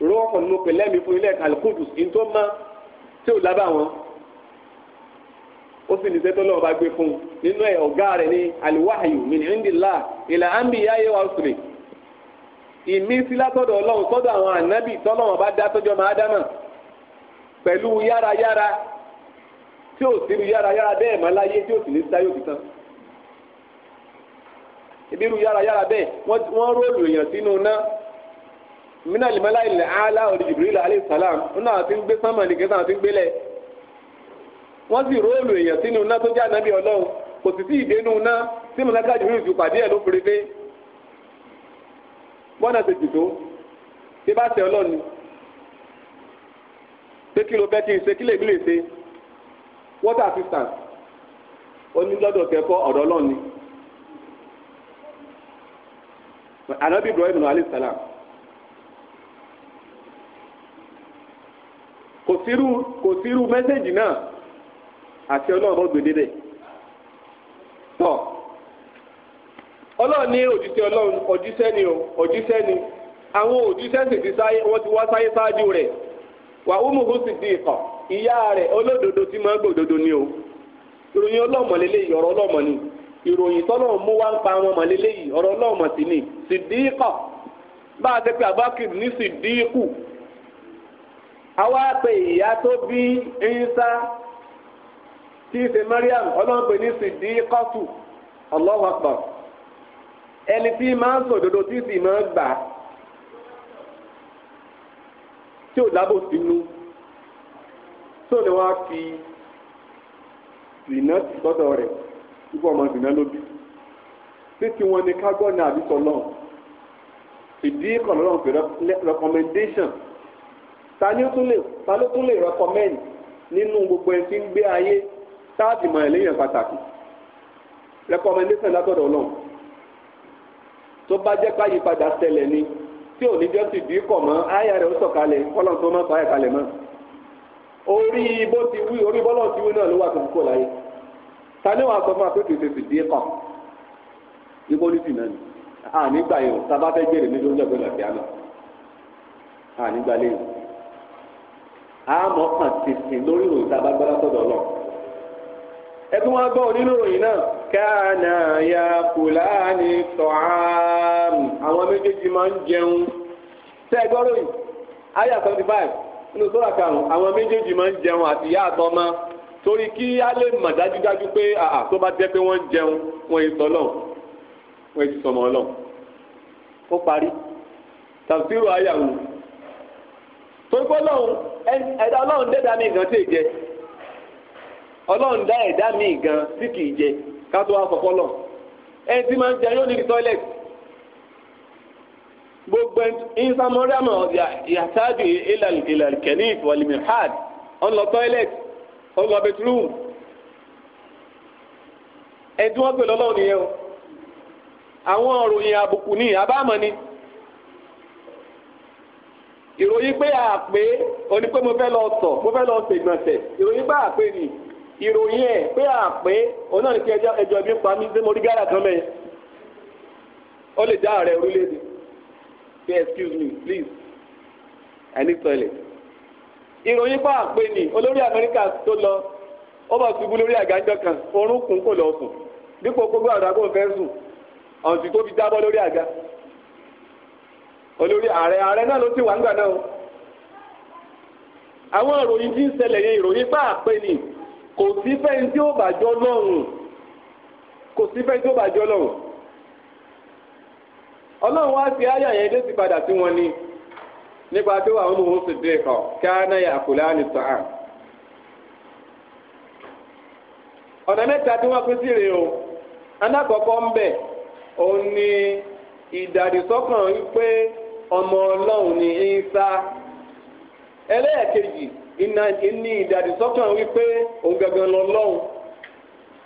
rọ́ọ̀kọ̀ nínú pẹ̀lẹ́ mi fún ilé ẹ̀ka alukudu sí tó má tí ò lábà wọn ó sì ní sẹ́tọ́ lọ́wọ́ bá gbé fún un nínú ẹ̀ ọ̀gá rẹ̀ ní aliwahayu min indila ìlà ambiya yẹ wa sùlẹ̀ ìmísí látọ̀dọ̀ ọlọ́run sọ́dọ̀ àwọn ànábì tọ́lọ́wọ́n bá dá tọ́jọ́ máa dáná pẹ̀lú yárayára tí ò sí yárayára bẹ́ẹ̀ máa láyé tí ò sì ní sáyé òbí tán ìbírú yárayára bẹ́ẹ̀ wọ́n róòlù èèyàn sínú náà mina limala ilẹ̀ ala odi jibril alayhi salam nínú àwọn tí ń gbé sánmà nìkan tí àwọn tí ń gbélẹ̀ wọ́n sì róòlù èèyàn sínú iná tó jẹ́ ànábì ọlọ́run kò sì sí ìdénú iná tí mọ̀láká jibril fi pàdé ẹ̀ ló fèrè fé wọ́n náà ti jù tó tí bá tẹ ọlọ́run pé kí ló bẹ́ kí n ṣe kí lè mí lè ṣe water assistance onílọ́dọ̀ kẹ́kọ̀ọ́ ọ̀dọ́ ọlọ́run ni ibrahim alayhi salam. kò sírú mẹ́sẹ̀jì náà àti ọlọ́run gbèdé bẹ́ẹ̀ tọ́ ọlọ́run ní òjíṣẹ́ ọlọ́run òjíṣẹ́ ni o òjíṣẹ́ ni àwọn òjíṣẹ́ sì ti sáyé wọ́n ti wá sáyé sáájú rẹ̀ sì di ìkọ̀ ìyá rẹ̀ olódodo tí máa ń gbòdodo ni o ìròyìn ọlọ́mọ lélẹ́yìí ọ̀rọ̀ ọlọ́mọ ni ìròyìn mú wá ń pa wọn mọ̀ ni sì bá àwa pe ìyá tó bí ẹyinsa tí í ṣe Mariam ọlọ́run pè ní Sidiqatu Allahu Akbar ẹni tí máa ń sòdodo tí sì máa ń gbà tí ò lábò sínú tó ni wọ́n á fi rìnà lọ́dọ̀ rẹ̀ ibú ọmọ rìnà lóbi títí wọn ni kágọ́nà àbí sọlọ́ọ̀ Sidiq lọ́rùn pé recommendation ta ni ó tún lè ta ló tún lè rẹkọmẹ́ǹd nínú gbogbo ẹni tí ń gbé ayé táàtì mọ̀ ẹ̀lẹ́yìn pàtàkì rẹkọmẹndéṣàn látọ̀dọ̀ náà tó bá jẹ́ pé àyípadà ṣẹlẹ̀ ni tí ò ní jọ́ sì bí kọ̀ mọ́ àyà rẹ̀ ó sọ̀kalẹ̀ kọ́lọ̀ tó máa fà áyà kalẹ̀ mọ́ orí bó ti wí orí bọ́lọ̀ ti wí náà ló wà tó kó láyé ta ni wàá sọ fún akéèké tètè dé kọ̀ ibo ní sì náà ni ànígbà yẹn tá a bá fẹ́ jèrè nídìí oúnjẹ gbọ́dọ̀ kí á náà ànígbà lẹ́yìn àmọ́ kàn tètè lórí ìròyìn tá a bá gbọ́dọ̀ sọ̀dọ̀ lọ. ẹ tún wá gbọ́ nínú ìròyìn náà káànà ya kùláàní tọ̀hán àwọn méjèèjì máa ń jẹun tẹ́ ẹ gbọ́rọ̀ yìí àyà seventy five nínú sọ́ra karùn-ún àwọn méjèèjì máa ń jẹun àti ìyá àtọ́mọ́ torí kí á lè mọ̀ dájúdájú pé àà tó bá jẹ́ pé wọ́n jẹun wọ́n yìí sọ́lọ̀ wọ́n yìí sọmọ́ ọlọ́ ó parí tàbí sírò àyà torípé ọlọ́run ẹ̀dá ọlọ́run dẹ́dá mi gan tí ì jẹ ọlọ́run dá ẹ̀dá mi gan tí kì í jẹ kátó wá fọ́fọ́ lọ ẹni tí máa ń jẹ yóò ní tọ́ílẹ̀tì gbogbo ìsámọ́rẹ́mọ̀ yàtájú ìlàlùkẹ́lì ìfọ̀lìmìhàd ọ̀nlọ tọ́ílẹ̀tì ọ̀nlọ bẹtúrúmù ẹni tí wọ́n pè lọ́lọ́run nìyẹn o àwọn òròyìn àbùkù ni. ìròyìn pé àpé oní pé mo fẹ́ lọ tọ̀ mo fẹ́ lọ ṣègbọ̀nsẹ̀ ìròyìn pé àpé ni ìròyìn ẹ̀ pé àpé òun náà ní kí ẹjọ́ ẹbí pa mí sí mo rí gàrà kan mẹ́yìn ó lè dá ààrẹ orílẹ̀-èdè say excuse me please i need toilet. ìròyìn pé àpé ni olórí amẹ́ríkà tó lọ ó bá ṣubú lórí àgájọ kan orúnkún kò lọ sùn dípò gbogbo àdàgbò fẹ́ sùn ọ̀sìn tó fi dábọ́ lórí àga. olórí ààrẹ ààrẹ náà ló ti wà gbà náà o àwọn ìròyìn tí ń ṣẹlẹ̀ yẹn ìròyìn bá àpè ni kò sí fẹ́ni tí ó bàjọ́ lọ́hùn kò sí tí ó bàjọ́ padà sí wọn ni nípa pé o ọmọ òun sì dé kí á náà yà kò láàánú sàn. ọ̀nà mẹ́ta tí wọ́n pín sí rèé o alákọ̀ọ́kọ́ ń bẹ̀ òun ni ọmọ ọlọ́run ni ìsá ẹlẹ́ẹ̀kejì ní ìdàdìsọ́kàn wípé òun gangan lọ lọ́run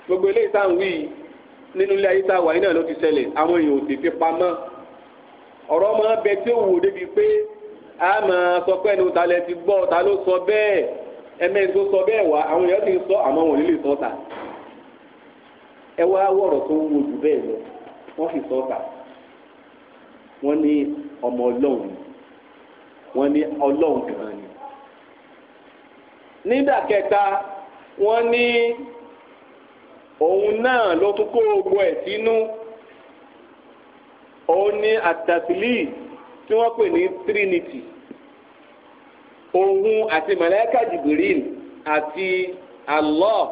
gbogbo eléyìí tá nínú ilé ayé tá wà náà ló ti ṣẹlẹ̀ àwọn èèyàn ò sì fi pamọ́ ọ̀rọ̀ máa bẹ tí ta lẹ ti gbọ́ ta ló sọ bẹ́ẹ̀ sọ bẹ́ẹ̀ wá àwọn èèyàn ti ń sọ àmọ́ wọn nílé sọ́ta ẹ wá wọ̀rọ̀ tó jù bẹ́ẹ̀ lọ wọ́n fi sọ́ta wọ́n ọmọ ọlọ́run wọ́n ní ọlọ́run kan ni. nídà kẹta wọ́n ní òun náà ló tún kó gbogbo ẹ̀ sínú òun ní àtàtìlì tí wọ́n pè ní trinity òun àti màláíkà jibril àti Allah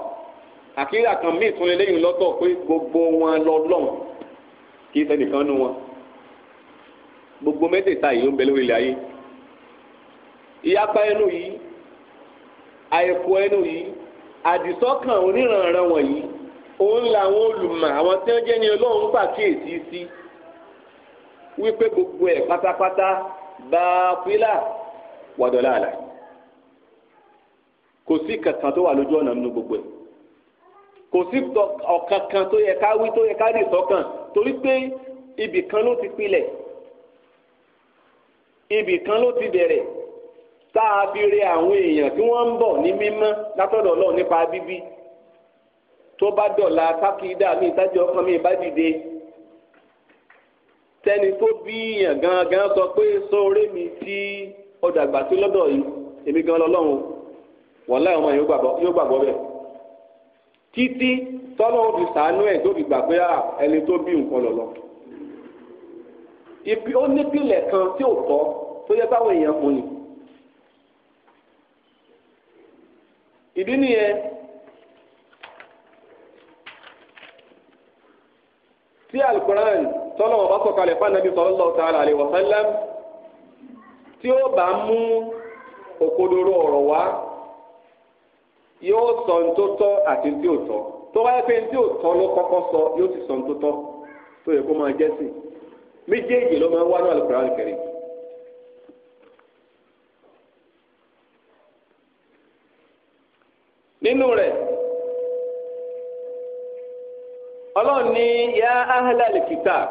àkíyà kan míì tún lélẹ́yìn lọ́tọ̀ pé gbogbo wọn lọ́lọ́run kì í ṣe nìkan wọn gbogbo mẹ́tẹ̀ẹ̀ta yìí ló ń bẹ lórí ilẹ̀ ayé ìyapa ẹnu yìí àìkú ẹnu yìí àdìsọ́kàn oníranran wọ̀nyí òun làwọn olùmọ̀ àwọn tí wọ́n jẹ́ ní ọlọ́run pàkíyèsí sí wípé gbogbo ẹ̀ pátápátá bá pílà wàdọ̀lá àlà kò sí kankan tó wà lójú ọ̀nà nínú gbogbo ẹ̀ kò sí ọ̀kankan tó yẹ ká wí tó yẹ ká dìsọ́kàn torí pé ibì kan ló ti pilẹ̀ ibì kan ló ti bẹ̀rẹ̀ tá a fi re àwọn èèyàn tí wọ́n ń bọ̀ ní mímọ́ látọ̀dọ̀ ọlọ́run nípa bíbí tó bá dọ̀la sákìdá mi ìtajà ọkàn mi bá dìde tẹni tó bí yàn gangan sọ pé sóore mi tí ọdọ àgbà sí lọ́dọ̀ yìí èmi gan lọ́lọ́run wọ́n láì ọmọ yóò gbàgbọ́ bẹ́ẹ̀ títí tọ́lọ́run fi sàánú ẹ̀ tó fi gbà pé ẹni tó bí nǹkan lọ́lọ́ ó nípìnlẹ̀ kan tí ò tọ́ tó yẹ báwọn èèyàn fún ni. ìdí nìyẹn tí alukoran tọ́lọ̀ wọn bá sọ̀kalẹ̀ fún anabi sallallahu ta'ala alaihi wa sallam tí ó bá mú òkodoro ọ̀rọ̀ wá yóò sọ ntótọ́ àti tí ò tọ́ tó wáyé pé tí ò tọ́ ló kọ́kọ́ sọ yóò sì sọ ntótọ́ tó yẹ kó máa jẹ́ sí méjèèjì ló máa ń wá ní alukoran kẹrin. nínú re, ọlọ́run ní yá ahlal kitab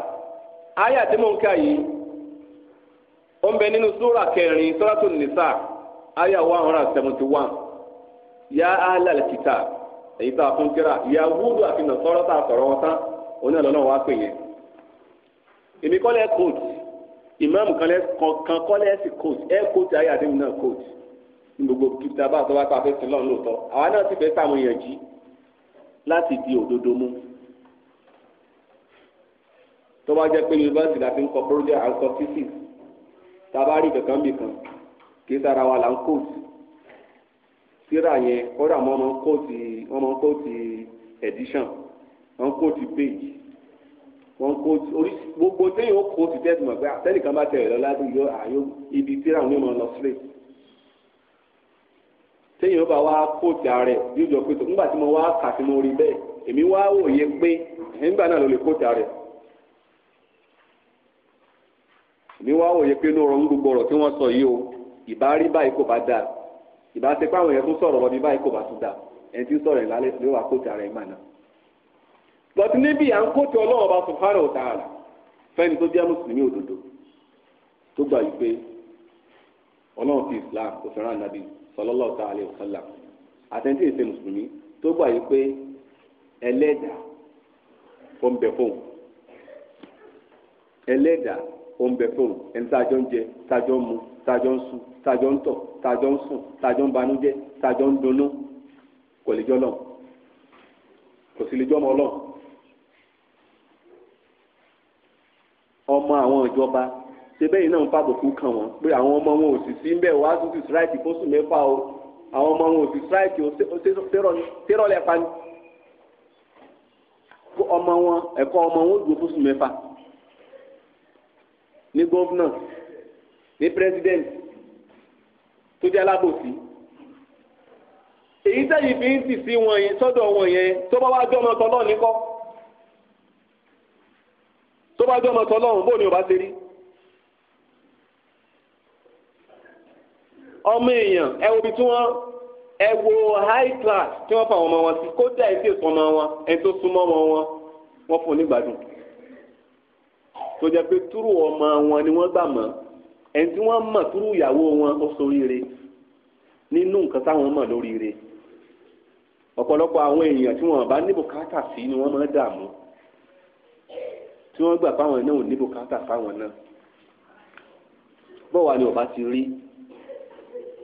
àyà tí mò ń kà ó ń bẹ nínú kẹrin one hundred seventy one yá èyí tá a fún kíra yahudu tá a sọ̀rọ̀ wọn tán wa pè yẹn èmi ìmáàmù kan kọ́lẹ̀ sí coat náà ní gbogbo kíta bá àtọ́wá pa fẹ́ẹ́ sílọ̀ lóòótọ́ àwa náà sì fẹ́ẹ́ sàwọn èèyàn jí láti di òdodo mú tó bá jẹ́ pé yunifásitì la fi ń kọ project and sub thesis tá a bá rí kankan bì kan kì í sára wa là ń kóòtù síra yẹn kódà wọ́n máa ń kóòtù wọ́n máa ń kóòtù edition wọ́n ń kóòtù page wọ́n kóòtù oríṣi gbogbo téèyàn ó kóòtù tẹ́sí mọ̀ pé àtẹ́nìkan ah, bá tẹ̀ ẹ̀ lọ láti ibi síra wọn téèyàn bá wá kóòtù ààrẹ yóò jọ pé nígbà tí mo wá kà sí mo rí bẹ́ẹ̀ èmi wá òye pé nígbà náà ló kóòtù ààrẹ èmi wá òye pé inú ọ̀rọ̀ ń tí wọ́n sọ yìí o ìbá rí báyìí kò bá dáa ìbá ti pé àwọn èèyàn tún sọ̀rọ̀ lọ́dún báyìí kò bá tún dà ẹni tí ń sọ̀rọ̀ ìlàlẹ́ ló wà kóòtù ààrẹ lọ́tí níbi à sallallahu ta'ala wa sallam àtẹ̀ntì ìṣe mùsùlùmí tó gbà yí pé ẹlẹ́dàá ó ń bẹ fóun ẹlẹ́dàá ó ń bẹ fóun ẹni tájọ́ ń jẹ tájọ́ ń mu tájọ́ ń sùn tájọ́ ń tọ̀ tájọ́ ń sùn tájọ́ ń banújẹ́ tájọ́ ń dunnú kò lè jọ́ lọ́n kò sì lè jọ́ ọmọ ọlọ́run ọmọ àwọn ìjọba ṣebẹ́yìn náà ń fàbùkù kan wọn pé àwọn ọmọ wọn ò sì sí mbẹ́ wàá tún ti strike fóṣù mẹ́fà o àwọn ọmọ wọn ò sì strike o tẹ́rọ lẹ́pa ni ọmọ wọn ẹ̀kọ́ ọmọ wọn ó dúró fóṣù mẹ́fà ní gọ́vnà ní pírẹ́sidẹ́ǹtì tó jẹ́ alábòsí èyí sẹ́yìn fi ń tì sí wọn yẹn sọ́dọ̀ wọn yẹn tó bá wá jọmọ tọlọ́ọ̀ ní kọ́ tó bá jọmọ tọlọ́ọ̀ bóun ni ò bá ṣe rí. ọmọ èèyàn ẹ wo ibi tí wọ́n ẹ wo tí wọ́n fa àwọn ọmọ wọn sí kódà ẹ tí ò sọmọ wọn ẹ tó ọmọ wọn wọ́n fún onígbàdùn tó jẹ pé túrú ọmọ wọn ni wọ́n gbà mọ́ ẹni tí wọ́n mọ̀ túrú ìyàwó wọn ó nínú nǹkan táwọn mọ̀ lóríire ọ̀pọ̀lọpọ̀ àwọn èèyàn tí bá ni wọ́n máa dààmú tí wọn gbà fáwọn náà káàtà fáwọn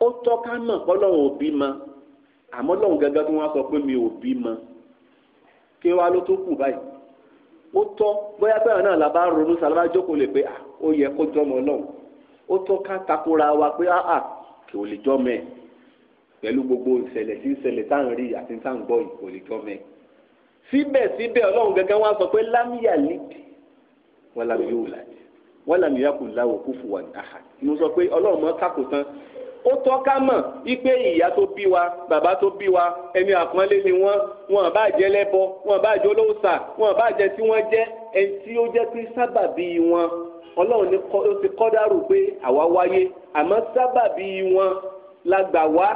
ó tọ́ka mọ̀ kọ́lọ́hún ò bímọ àmọ́ lọ́hún gẹ́gẹ́ tó wọ́n sọ pé mi ò bímọ kí wá ló tó kù báyìí ó tọ́ bóyá bẹ́ẹ̀ náà la ronú sálábà jókòó lè pé ó yẹ kó jọmọ lọ́hún ó tọ́ka takora wa pé áà kì ò lè jọmọ ẹ̀ pẹ̀lú gbogbo ìṣẹ̀lẹ̀ sí ìṣẹ̀lẹ̀ tá à ń rí àti tá à ń gbọ́ yìí kò lè jọmọ ẹ̀ síbẹ̀síbẹ̀ ọlọ́run gẹ́gẹ́ wọ́n sọ pé lámìyà lìdì wọ́n lámìyà òlàjì wọ́n lámìyà kò láwọ̀ kó fò wà ní àhà ni mo sọ pé ọlọ́run mọ́ kákò tán ó tọ́ ká mọ̀ wípé ìyá tó bí wa bàbá tó bí wa ẹni àpọ́nlé ni wọ́n wọn bá jẹ́ lẹ́bọ wọn bá jẹ́ olóòṣà wọn bá jẹ́ tí wọ́n jẹ́ ẹni tí ó jẹ́ pé sábàbí wọn ọlọ́run ní ó ti kọ́ dárò pé àwa wáyé àmọ́ sábàbí wọn la gbà wá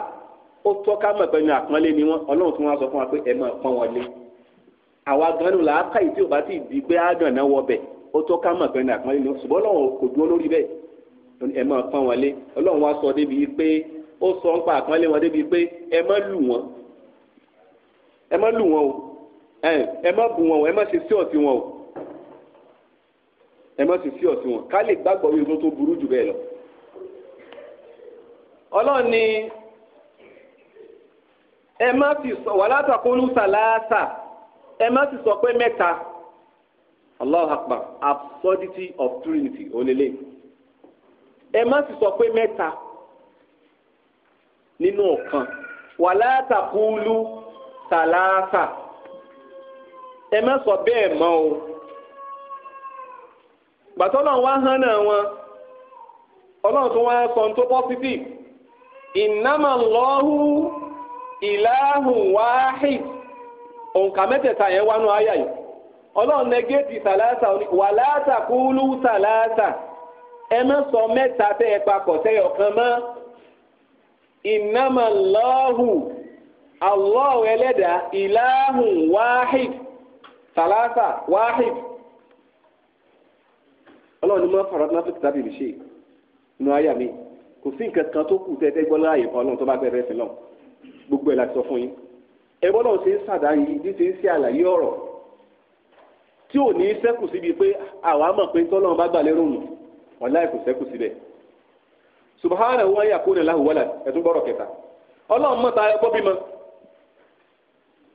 ó tọ́ ká mọ̀ pẹ̀lú àpọ́nlé ni wọ́n ọlọ́run tún wá sọ fún wa pé ẹ máa pọ́n wọn lé àwa gan ni làákàyè tí ò bá ti di pé á dànà wọ bẹ̀ ó tọ́ ká mọ̀ pẹ̀lú àpọ́nlé ni wọ́n ṣùgbọ́n ọlọ́run kò ẹ máa pọ́n wọn lé ọlọ́run wá sọ débi pé ó sọ ń pa àpọ́nlé wọn débi pé ẹ má lù wọn ẹ má lù wọn o ẹ má bù wọn o ẹ má ṣe sí ọ̀tí wọn o ẹ má ṣe sí ọ̀tí wọn ká lè gbàgbọ́ wí tó burú jù bẹ́ẹ̀ lọ. ọlọ́run ni ẹ má sì sọ wàhálà tàkùnú sàlàsà ẹ má sì sọ pé mẹ́ta allah akbar absurdity of trinity onílé. ẹ má sì sọ pé mẹ́ta nínú ọ̀kan wàláàtà kúlú ẹ sọ bẹ́ẹ̀ mọ́ o gbàtọ́nà wá hán náà wọn ọlọ́run tó wá sọ tó positive ìnáma lọ́hù ìlàhùn wáhì òǹkà mẹ́tẹ̀ẹ̀ta yẹn wánú yìí ọlọ́run ẹ má sọ mẹ́ta tẹ́ ẹ papọ̀ sẹ́yọ̀ kan mọ́ ìnáma lọ́hù àlọ́ọ̀ ẹlẹ́dàá wahib. wáhìd tàlásà wáhìd ọlọ́run ni fara tó fi àyà kò sí nǹkan tó kù tẹ́tẹ́ gbọ́ láàyè kan náà tó bá sí náà gbogbo ẹ̀ fún yín náà ṣe ń bí ṣe ń ṣe àlàyé ọ̀rọ̀ tí ò ní sẹ́kù síbi pé àwa mọ̀ pé tọ́lọ́run bá gbà lérò wàláì kò sẹ́kù síbẹ̀ subahana wa yà kúnlẹ̀ ẹ̀tún kẹta ọlọ́run mọ́ta ẹ̀kọ́ bímọ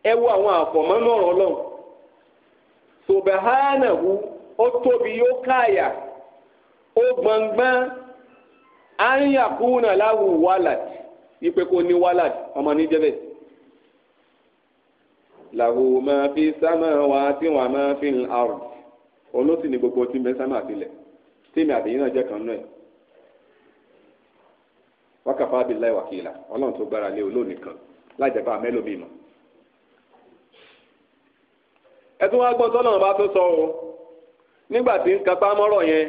ẹ wo àwọn àfọ̀mọ́nú ọlọ́run subahana wu ó tóbi ó káyà ó gbọ̀ngbọ́n ipe kò ní ọmọ fi ma fi gbogbo sámà tèmi àtẹ̀yìn náà jẹ́ kan náà wákàfà abiláì wàkìlà ọlọ́run tó gbára lé olóòní kan láìjẹ̀bá mẹ́lòmíì mọ́. ẹ tún wá gbọ́ tọ́lọ́run bá tó sọ o nígbà tí ń kápá mọ́rọ̀ yẹn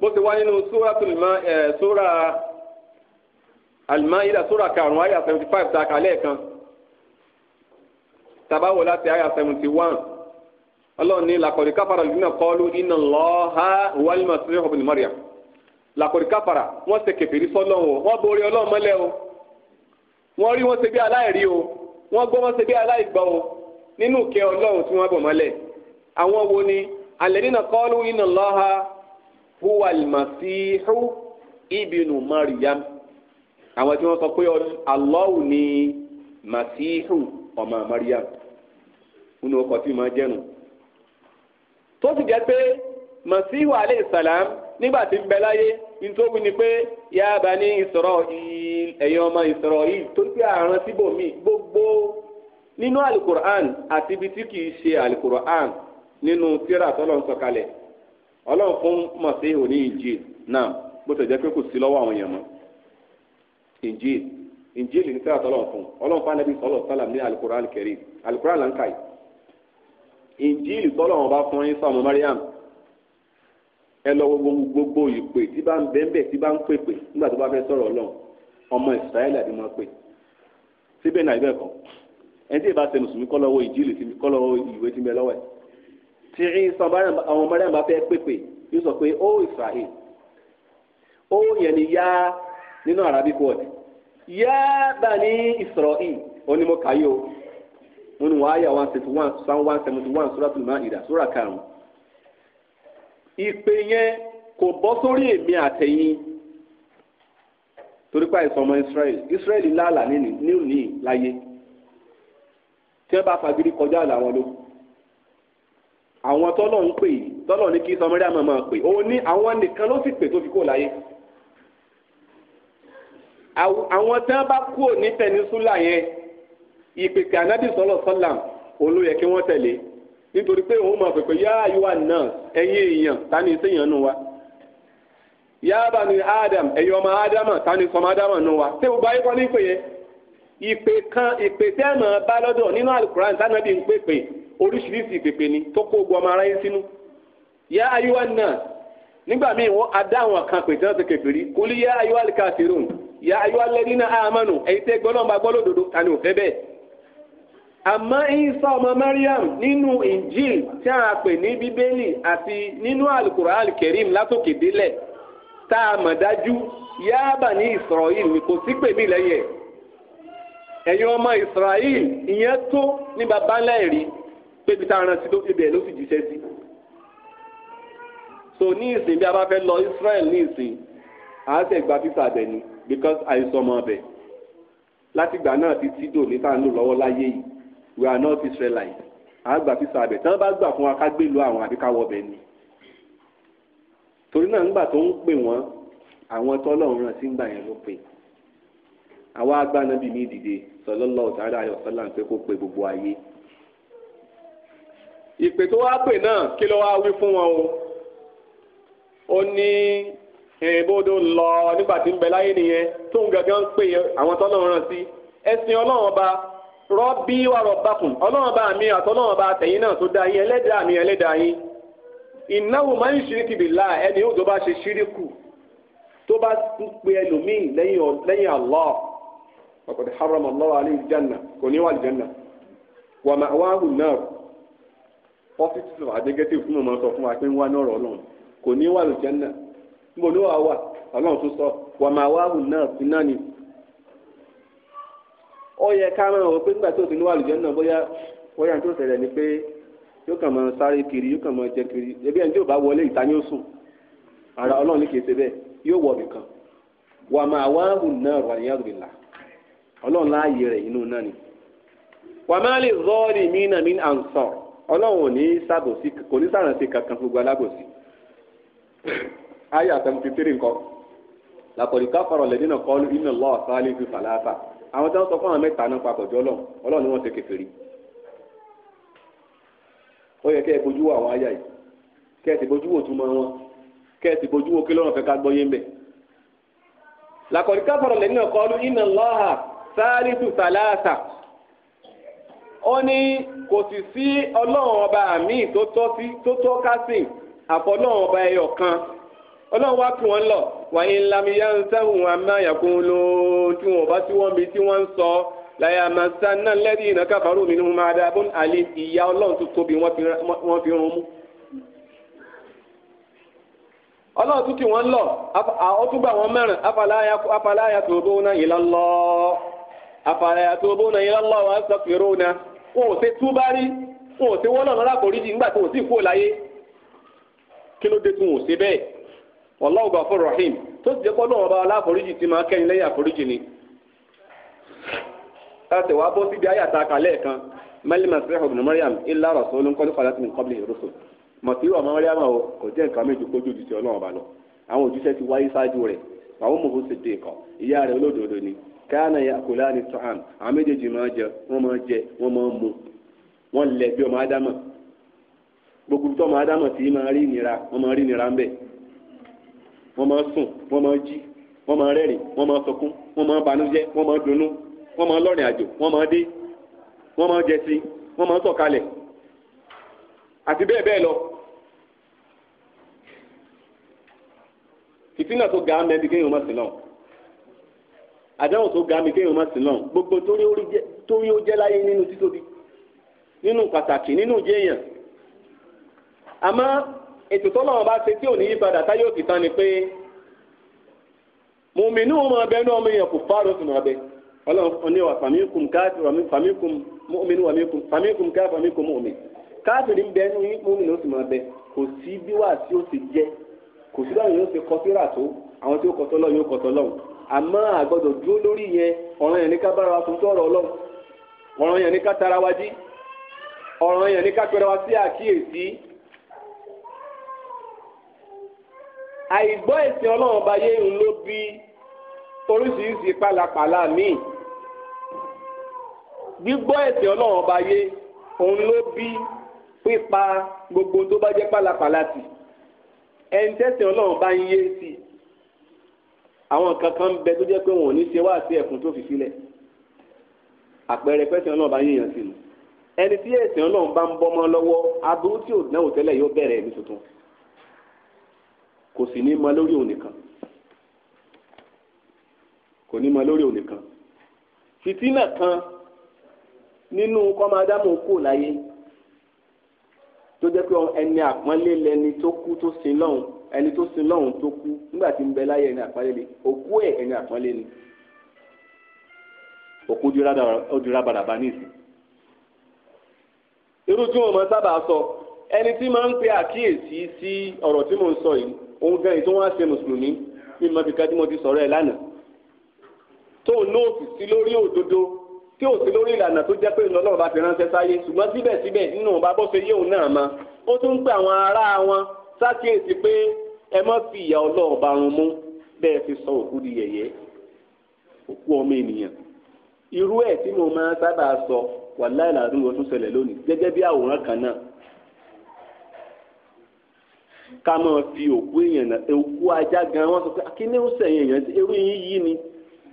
bó ti wá nínú sóra alimahida sóra karùn-ún àyà seventy five ta kálẹ̀ kan tàbá wò láti àyà seventy one ọlọ́run ní làkọ̀dí káfàrà lùdínà kọ́lù iná lọ́ha wàlímọ̀ sílẹ̀ ọ̀bùn mọ́ríà làkọ̀dí káfàrà wọ́n ṣe kẹfìrí sọ́lọ́run o wọ́n borí ọlọ́run mọ́lẹ̀ o wọ́n rí wọ́n ṣe bí aláìrí o wọ́n gbọ́ wọ́n ṣe bí aláìgbọ́ o nínú ìkẹ́ ọlọ́run tí wọ́n bọ̀ mọ́lẹ̀ àwọn wo ni alẹ́dínà kọ́lù iná lọ́ha wàlímọ̀ sílẹ̀ ibnu mọ́ríàm àwọn tó sì jẹ́ pé masihu aleyhi salam nígbà tí ń bẹ láyé nítorí ni pé ya bani Isra'il ẹ̀yin ọmọ Isra'il tó àrùn síbòmí gbogbo nínú alukur'an àti ibi tí kìí ṣe alukur'an nínú tíra tọ́lọ̀ ń sọ̀kalẹ̀ ọlọ́run fún masihu ní náà bó ìnjíìlì tọ́lọ́wọ́n bá fún yín sọmọ Mariam ẹ lọ gbogbo gbogbo ìpè tí bá ń bẹ́ńbẹ́ tí bá ń pèpè nígbà tó bá fẹ́ sọ̀rọ̀ ọlọ́run ọmọ Ísírẹ́lì àti máa pè síbẹ̀ náà ibẹ̀ kan ẹni tí ìbá ṣe mùsùlùmí kọ́ lọ́wọ́ ìnjíìlì tí kọ́ lọ́wọ́ ìwé tí ń bẹ lọ́wọ́ ẹ̀ tí ìsàn àwọn Mariam bá fẹ́ pèpè yóò sọ pé ó Ísírẹ́lì ó yẹn ni yá nínú Arabic word yá bá ní Ísírẹ́lì òní mo kà wọn ni wọn àyà one seventy one psalm one seventy one suratul maida sura karùn-ún. ìpè yẹn kò bọ́ sórí èmi àtẹ̀yìn torí pa ìsọmọ israẹli israẹli làálàá nínú níhùnì láyé tí wọn bá fagídí kọjá làwọn ló àwọn tọ́lọ̀ ń pè yìí tọ́lọ̀ ní kí sọmọdé àmọ́ máa pè òun ní àwọn nìkan ló sì pè tó fi kó láyé àwọn tí wọn bá kúrò ní peninsula yẹn ìpèkè ànábì sọlọ sọlá òun ló yẹ kí wọ́n tẹ̀lé nítorí pé òun máa pèpè yá àyùwà náà ẹ̀yin èèyàn tani ìsèyàn nù wa yá bani Adam ẹ̀yin ọmọ Ádámà tani sọmọ Ádámà nù wa ṣé gbogbo ayé kọ́ ní ìpè yẹn ìpè kan ìpè tẹ́ ẹ̀ máa bá lọ́dọ̀ nínú alukuran tánàbí ń pèpè oríṣiríṣi ìpèpè ni tó kó gbọ́ ọmọ aráyé sínú yá àyùwà náà nígbà míì wọ́n adáwọn kan pè tí wọ́n ti kèfèrí kúlí yá àyùwà kàfírùn yá àyùwà lẹ́dínà àmánù ẹ̀yin tẹ́ gbọ́ náà bá gbọ́ lódodo tani ò fẹ́ bẹ́ẹ̀ àmọ́ Ìsá ọmọ Mariam nínú Injil tí a pè ní Bíbélì àti nínú Al-Qur'an Al-Karim látòkè délẹ̀ tá a mọ̀ dájú yáàbà ní Israel kò sí pèmí lẹ́yìn ẹ̀ ẹ̀yin ọmọ Israel ìyẹn tó ní baba ńlá ẹ̀rí pébi tá a ran sí tó ibẹ̀ ló sì jíṣẹ́ sí. so ní ìsìn bí a bá fẹ́ lọ Israel ní ìsìn à á tẹ̀ gba fífà bẹ̀ ni because àìsàn ọmọ ọbẹ̀ látìgbà náà ti tí dò ní tá à ń lò lọ́wọ́ láyé yìí we are not Israelites à ń gbà fisa abẹ tí wọn bá gbà fún wa ká gbé lu àwọn àbí ká wọbẹ ni torí náà ńgbà tó ń pè wọn àwọn tọ́lọ́run rántí ńgbà yẹn ló pè àwa agbánábì mi dìde sallallahu ta'ala alaihi wasallam pé kó pe gbogbo ayé ìpè tó wá pè náà kí ló wá wí fún wọn o ó ní ìbodò lọ nígbà tí ń bẹ láyé nìyẹn tóun gangan pè àwọn tọ́lọ́run rántí ẹ̀sìn ọlọ́run ọba rọ́bí wà rọ́bàkùn ọlọ́run bá mi àtọ́lọ́run bá tẹ̀yìn náà tó dá yín ẹlẹ́dàá mi ẹlẹ́dàá yín ìnáwó máa ń ṣíríkì bìlá ẹni yóò tó bá ṣe ṣíríkù tó pe ẹlòmíì lẹ́yìn Allah ọ̀kọ̀dẹ̀ haram Allah alayhi janna kò ní wà wà hù sọ fún wa pé ń wá náà rọ̀ ọlọ́run kò ni wà wà ọlọ́run tó sọ wà hù ó yẹ ká máa wọ pé nígbà tó ti ní wàlùjẹ́ náà bóyá bóyá tó ni pé yóò kàn máa sáré kiri yóò kàn máa jẹ kiri ebi ẹni tí yóò bá wọlé ìta ni ara ọlọ́run ní kìí ṣe bẹ́ẹ̀ yóò wọ nìkan wà máa wá hùn náà rọ àníyàn rè là ọlọ́run láàyè rẹ̀ inú náà ni. wà má lè mí mí à ń sọ ọlọ́run ò ní sàbòsí kò ní kankan gbogbo ayé nǹkan fọ̀rọ̀ àwọn tó ń sọ fún àwọn mẹ́ta náà papọ̀ jọ ọlọ́run ọlọ́run ni wọ́n ṣe kèfèrí ó yẹ kẹ́ ẹ bójú wo àwọn aya yìí kẹ́ ẹ sì bójú wo túmọ̀ wọn kẹ́ ẹ sì bójú wo kí lọ́rùn fẹ́ ká gbọ́ yé ń bẹ̀. làkọ̀dí káfọ̀rọ̀ lẹ́yìn náà kọlu iná lọ́hà sáálísù sàlàsà ó ní kò sì sí ọlọ́run ọba àmì tó tọ́ ká sìn àfọlọ́run ọba ẹyọ kan ọlọ́run wá kí wọ́n lọ wàyí ńlámiyá ń sẹ́wọ̀n amáyàkún lóhun tí wọ́n bá tí wọ́n bi tí wọ́n ń sọ láyà màsán náà lẹ́dí iná káfàrú mi ni mo máa dáa bọ́n àlè ìyá ọlọ́run tó tóbi wọ́n fi rún mú. ọlọ́run tún kí wọ́n lọ ọtún gbà wọ́n mẹ́rin afàlàyà tó bó náà ìlà lọ afàlàyà tó bó náà ìlà lọ wọn sọ fèrò náà wọn ò ṣe túbárí wọn ò ṣe wọ́n lọ́nà lákòrí jì nígbà tó ò sì kú ò láyé kí ló dé tún ò ṣe bẹ́ẹ̀. wallahu ghafur rahim tó ti jẹ́ pọ́ náà ọba aláforíjì ti máa kẹ́yìn lẹ́yìn àforíjì ni. ẹsẹ̀ wàá bọ́ síbi ayé àtàkà lẹ́ẹ̀kan mẹ́lìmọ̀ sí ọ̀gbìn mọ́ríàm illa rasulun qad khalat min qablihi rusul mọ̀tíwì ọmọ mọ́ríàm o kò jẹ́ nǹkan méjì kójú òjì ọlọ́run ọba lọ àwọn òjíṣẹ́ ti wáyé rẹ̀ àwọn bí wọ́n máa sùn wọ́n máa jí wọ́n máa rẹ́rìn wọ́n máa sọkún wọ́n máa banújẹ́ wọ́n máa dunnú wọ́n máa lọ́rìn àjò wọ́n máa dé wọ́n máa jẹsí wọ́n máa sọ̀kalẹ̀ àti bẹ́ẹ̀ bẹ́ẹ̀ lọ. fìtínà tó ga mẹ́bi kéèyàn má sí náà àdáhùn tó ga mi kéèyàn má sí náà gbogbo torí ó jẹ́ láyé nínú títóbi nínú pàtàkì nínú jẹ́yàn àmọ́ ètò tó náà bá ṣe tí ò ní yípadà táyé òkè tán ni pé mùmínú máa bẹ ní ọmọ èèyàn kò fáró sì máa bẹ ọlọ́run ní wa fàmíkùm káàtì fàmíkùm mùmínú wàmíkùm fàmíkùm káàtì fàmíkùm mùmí káàtì ní bẹ ní mùmínú sì máa bẹ kò sí bí wàá tí ó ti jẹ kò sí báyìí yóò ṣe kọ síra tó àwọn tí ó kọtọ lọ yóò kọtọ lọ àmọ́ àgbọ́dọ̀ dúró lórí yẹn ọ̀ràn yẹn ní ká bára wa fún tọrọ Ọlọ́run ọ̀ràn yẹn ní ká tara wa jí ọ̀ràn yẹn ní ká pẹrẹ wa sí àkíyèsí àìgbọ́ ẹ̀sìn ọlọ́run bá yé ń ló bí oríṣiríṣi pálapàla míì gbígbọ́ ẹ̀sìn ọlọ́run bá yé òun ló bí pípa gbogbo tó bá jẹ́ pálapàla tì ẹni tẹ́sìn ọlọ́run bá ń yé sí àwọn nǹkan kan bẹ tó jẹ́ pé wọn ò ní ṣe wá sí ẹ̀kún tó fi sílẹ̀ àpẹẹrẹ pẹ́sìn ọlọ́run bá yéèyàn sí ni ẹni tí ẹ̀sìn ọlọ́run bá ń bọ́ mọ́ lọ́wọ́ aburú tí ò náwó tẹ́lẹ̀ yóò bẹ̀rẹ̀ ẹ̀mí tuntun kò sì ní ma lórí òun kò ní ma lórí òun nìkan kan nínú kò láyé tó jẹ́ pé ẹni àpọ́nlé lẹni tó kú tó sin lọ́hùn ẹni tó sin lọ́hùn tó kú nígbà tí ń bẹ láyé ẹni àpọ́nlé ni òkú ẹ̀ ẹni àpọ́nlé ni òkú irú tí wọn sọ ẹni tí máa ń pe àkíyèsí sí ọrọ tí mò ń sọ òun gan ètò wọn á ṣe mùsùlùmí ní mọ́fíkà tí mo ti sọ̀rọ̀ ẹ̀ lánàá tó nóòtù sí lórí òdodo tí ò sí lórí ìlànà tó jẹ́ pé ìlọ́lọ́run bá fi ránṣẹ́ sáyé ṣùgbọ́n síbẹ̀síbẹ̀ nínú ọba bó ṣe yé òun náà mọ́ ó tún ń pè àwọn ará wọn sákìyèsí pé ẹ má fi ìyà ọlọ́run bá run mú bẹ́ẹ̀ fi sọ òkú di yẹ̀yẹ́ òkú ọmọ ènìyàn irú ẹ̀ tí mo máa sábà sọ wàláìlà àdúgbò tún ṣẹlẹ̀ lónìí gẹ́gẹ́ bí àwòrán kan náà ká máa fi òkú èèyàn òkú ajá gan wọ́n sọ pé kíní ó sẹ̀yìn èèyàn eré yín yí ni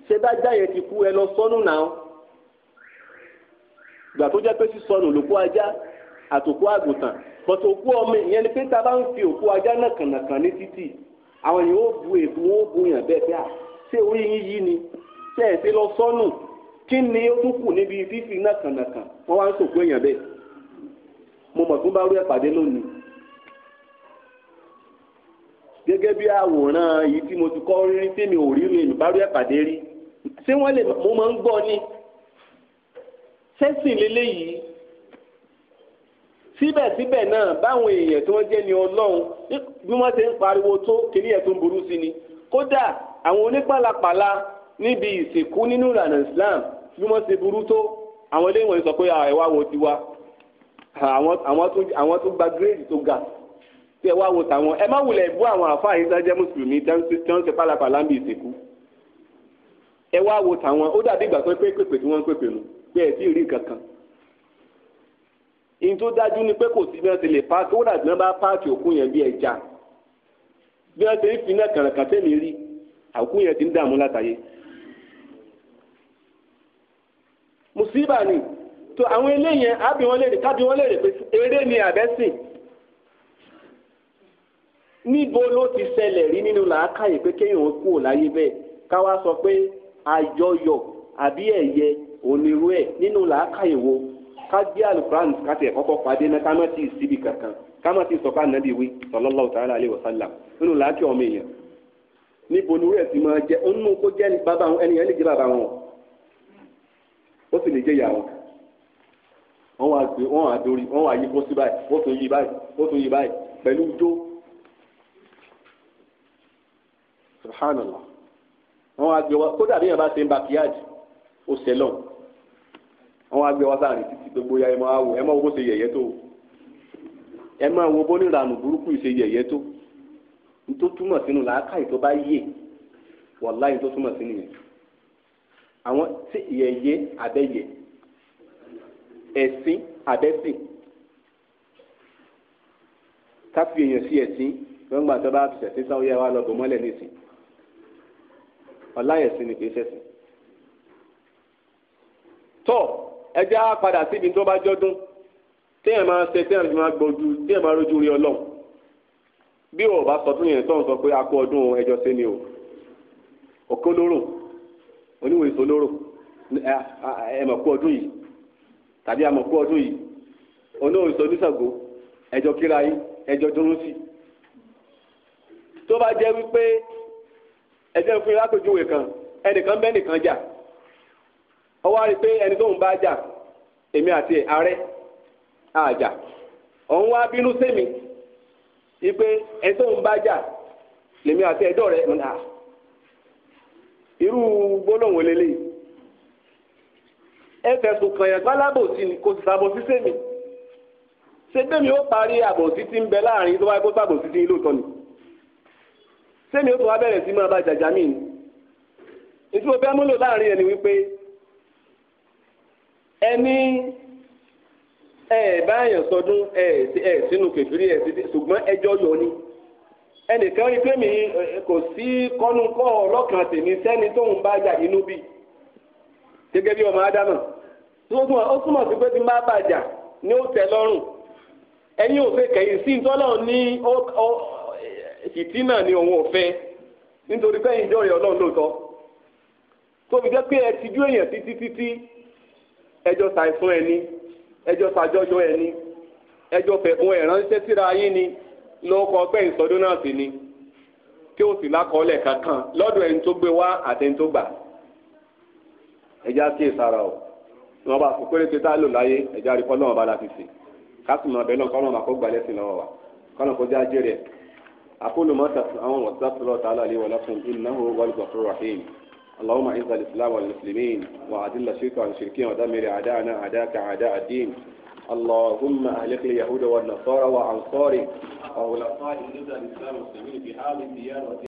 ṣé dájá yẹn ti kú ẹ lọ sọ́nù náà gbà tó jẹ́ pé sísọnù lòkú ajá àtòkú àgùntàn bọ̀tò òkú ọmọ ìyẹn ni pé a bá ń fi òkú ajá náà kànàkàn ní títì àwọn èèyàn ó bu èbú ó bu èèyàn bẹ́ẹ̀ bẹ́ẹ̀ ṣé orí yín yí ni lọ kí ni ó tún kù níbi fífi náà kànàkàn wá ń sòkú èèyàn mo mọ̀ bá ẹ̀ pàdé gẹ́gẹ́ bí àwòrán yìí tí mo ti kọ́ rírí tí mi ò rí mi bá rí ẹ̀pàdé rí ṣé wọ́n lè mo máa ń gbọ́ ni sẹ́sìn lélẹ́yìí síbẹ̀síbẹ̀ náà báwọn èèyàn tí wọ́n jẹ́ ni ọlọ́run bí wọ́n ṣe ń pariwo tó kíní ẹ̀ tó ń burú sí ni kódà àwọn onípàlàpàlà níbi ìsìnkú nínú ìlànà Islam bí wọ́n ṣe burú tó àwọn ilé ìwọ̀n sọ pé ẹ̀wà wo ti wá àwọn tún gba gírèdì tó ga tẹ wá wo tàwọn ẹ má wulẹ̀ bú àwọn àfáà yìí sájẹ́ mùsùlùmí tí wọ́n ṣe pálapàla ń bí ìsìnkú ẹ wá wo tàwọn ó dàbí ìgbà pé pèpè tí wọ́n ń pèpè nù pé ẹ̀ tí ì rí nǹkan kan ìyẹn tó dájú ni pé kò sí bí wọ́n ti lè páàkì ó dàbí wọ́n bá páàkì òkú yẹn bí ẹja bí wọ́n ti ń finá kànrànkàn tẹ́mi rí àkú yẹn ti ń dààmú látàyè mùsíbà ni tó àwọn eléyẹn á wọ́n léèrè ká bí wọ́n léèrè pé eré ni àbẹ́sìn níbo ló ti ṣẹlẹ̀ rí nínú làákàyè pé kéèyàn ó kúrò láyé bẹ́ẹ̀ káwá sọ pé àjọyọ̀ àbí ẹ̀yẹ onírú ẹ̀ nínú làákàyè wo ká gbé alukuran kátẹ̀ kọ́kọ́ pàdé náà ká má ti síbi kankan ká má ti sọ̀kọ́ ànábì wí sallallahu ta'ala alaihi wasallam nínú làákàyè ọmọ èèyàn níbo onírú ẹ̀ ti máa jẹ́ onínú kó jẹ́ bàbá wọn ẹnìyàn lè jẹ́ bàbá wọn ó sì lè jẹ́ ìyá wọn wọ́n dórí wọ́n wá yí kó sí báyìí wọ́n tún yí báyìí wọ́n tún yí báyìí pẹ̀lú jó subhanallah wọn wá gbé wa kódà bí yẹn bá ṣe ń ba kíyàdì ó ṣẹlọ wọn wá gbé wa sáà ní títí gbogbo ya ẹ máa wò ẹ máa wo bó ṣe yẹ̀yẹ́ tó ẹ máa wo bó ní ìlànà burúkú ṣe yẹ̀yẹ́ tó nítorí túmọ̀ sínú làákàyè tó bá yé wàláyé tó túmọ̀ sínú yẹn àwọn tí yẹ̀yẹ́ abẹ́yẹ ẹ̀sìn abẹ́sìn káfíyèyàn sí ẹ̀sìn gbọ́ngbà tó bá ṣẹ̀sìn sáwọn yẹ wa lọ mọ́lẹ̀ nísìnyí ọláyẹsí ni kì í ṣẹ̀sìn. tọ́ ẹja padà síbi tó bá jọ́dún téèyàn máa ṣe téèyàn fi máa gbójú téèyàn máa rójú rí ọlọ́run bí o bá sọdún yẹn tó ń sọ pé a kú ọdún ẹjọ́ sí ni o òkè olóró oníwèé sọ olóró ẹ mọ̀ kú ọdún yìí tàbí a mọ̀ kú ọdún yìí oníwèé sọ oníṣàgó ẹjọ́ kíra yín ẹjọ́ dúró sí tó bá jẹ́ wípé ẹjẹ fún yín lápèjúwe kan ẹnìkan bẹ́ẹ̀ nìkan jà ọwọ́ àrí pé ẹni tó ń bá jà èmi àti ààrẹ àjà òun wá bínú sẹ́mi wípé ẹni tó ń bá jà lèmi àti ẹ̀dọ́ rẹ̀ nà irú gbólóhùn lélẹ́yìí ẹ fẹ̀sùn kàn yẹn gbálábò sí ni kò sì sàbòsí sẹ́mi ṣé bẹ́ẹ̀ mi ó parí àbòsí tí ń bẹ láàrin tó wáyé kó sàbòsí sí ilé òtọ́ ni. sẹ́mi ó tó wá bẹ̀rẹ̀ sí máa bá jàjà mí ní tí mo fẹ́ láàrin ẹni wípé ẹni ẹ báyọ̀ sọdún ẹ ẹ sínú kẹfìrí ẹ ṣùgbọ́n ẹjọ́ yọ ni ẹnìkan rí pé kò sí kọ́nùkọ́ ọlọ́kan tèmi sẹ́ni tóun bá jà inú bì gẹ́gẹ́ bí ọmọ ádámà tó ó túmọ̀ sí pé tí n bá bàjà ni ó fìtínà ni òun ò fẹ́ nítorí pé ìjọ rẹ̀ ọlọ́run lóòótọ́ tó fi jẹ́ pé ẹ ti dú èèyàn títí títí ẹjọ́ ẹni ẹjọ́ ṣàjọyọ̀ ẹni ẹjọ́ fẹ̀kún ni lóko pé ìsọdún náà sì ni tí ó sì lákọọ́lẹ̀ kankan lọ́dọ̀ ẹni tó gbé wá àtẹni tó gbà o wọn bá fún péréte tá a lò láyé أقول ما تسمعون واستغفر الله تعالى لي ولكم إنه هو الغفور الرحيم اللهم أعز الإسلام والمسلمين وأذل الشرك والمشركين ودمر أعداءنا أعداءك أعداء الدين اللهم أهلك اليهود والنصارى وأنصاري وأولئك الإسلام والمسلمين في هذه الديار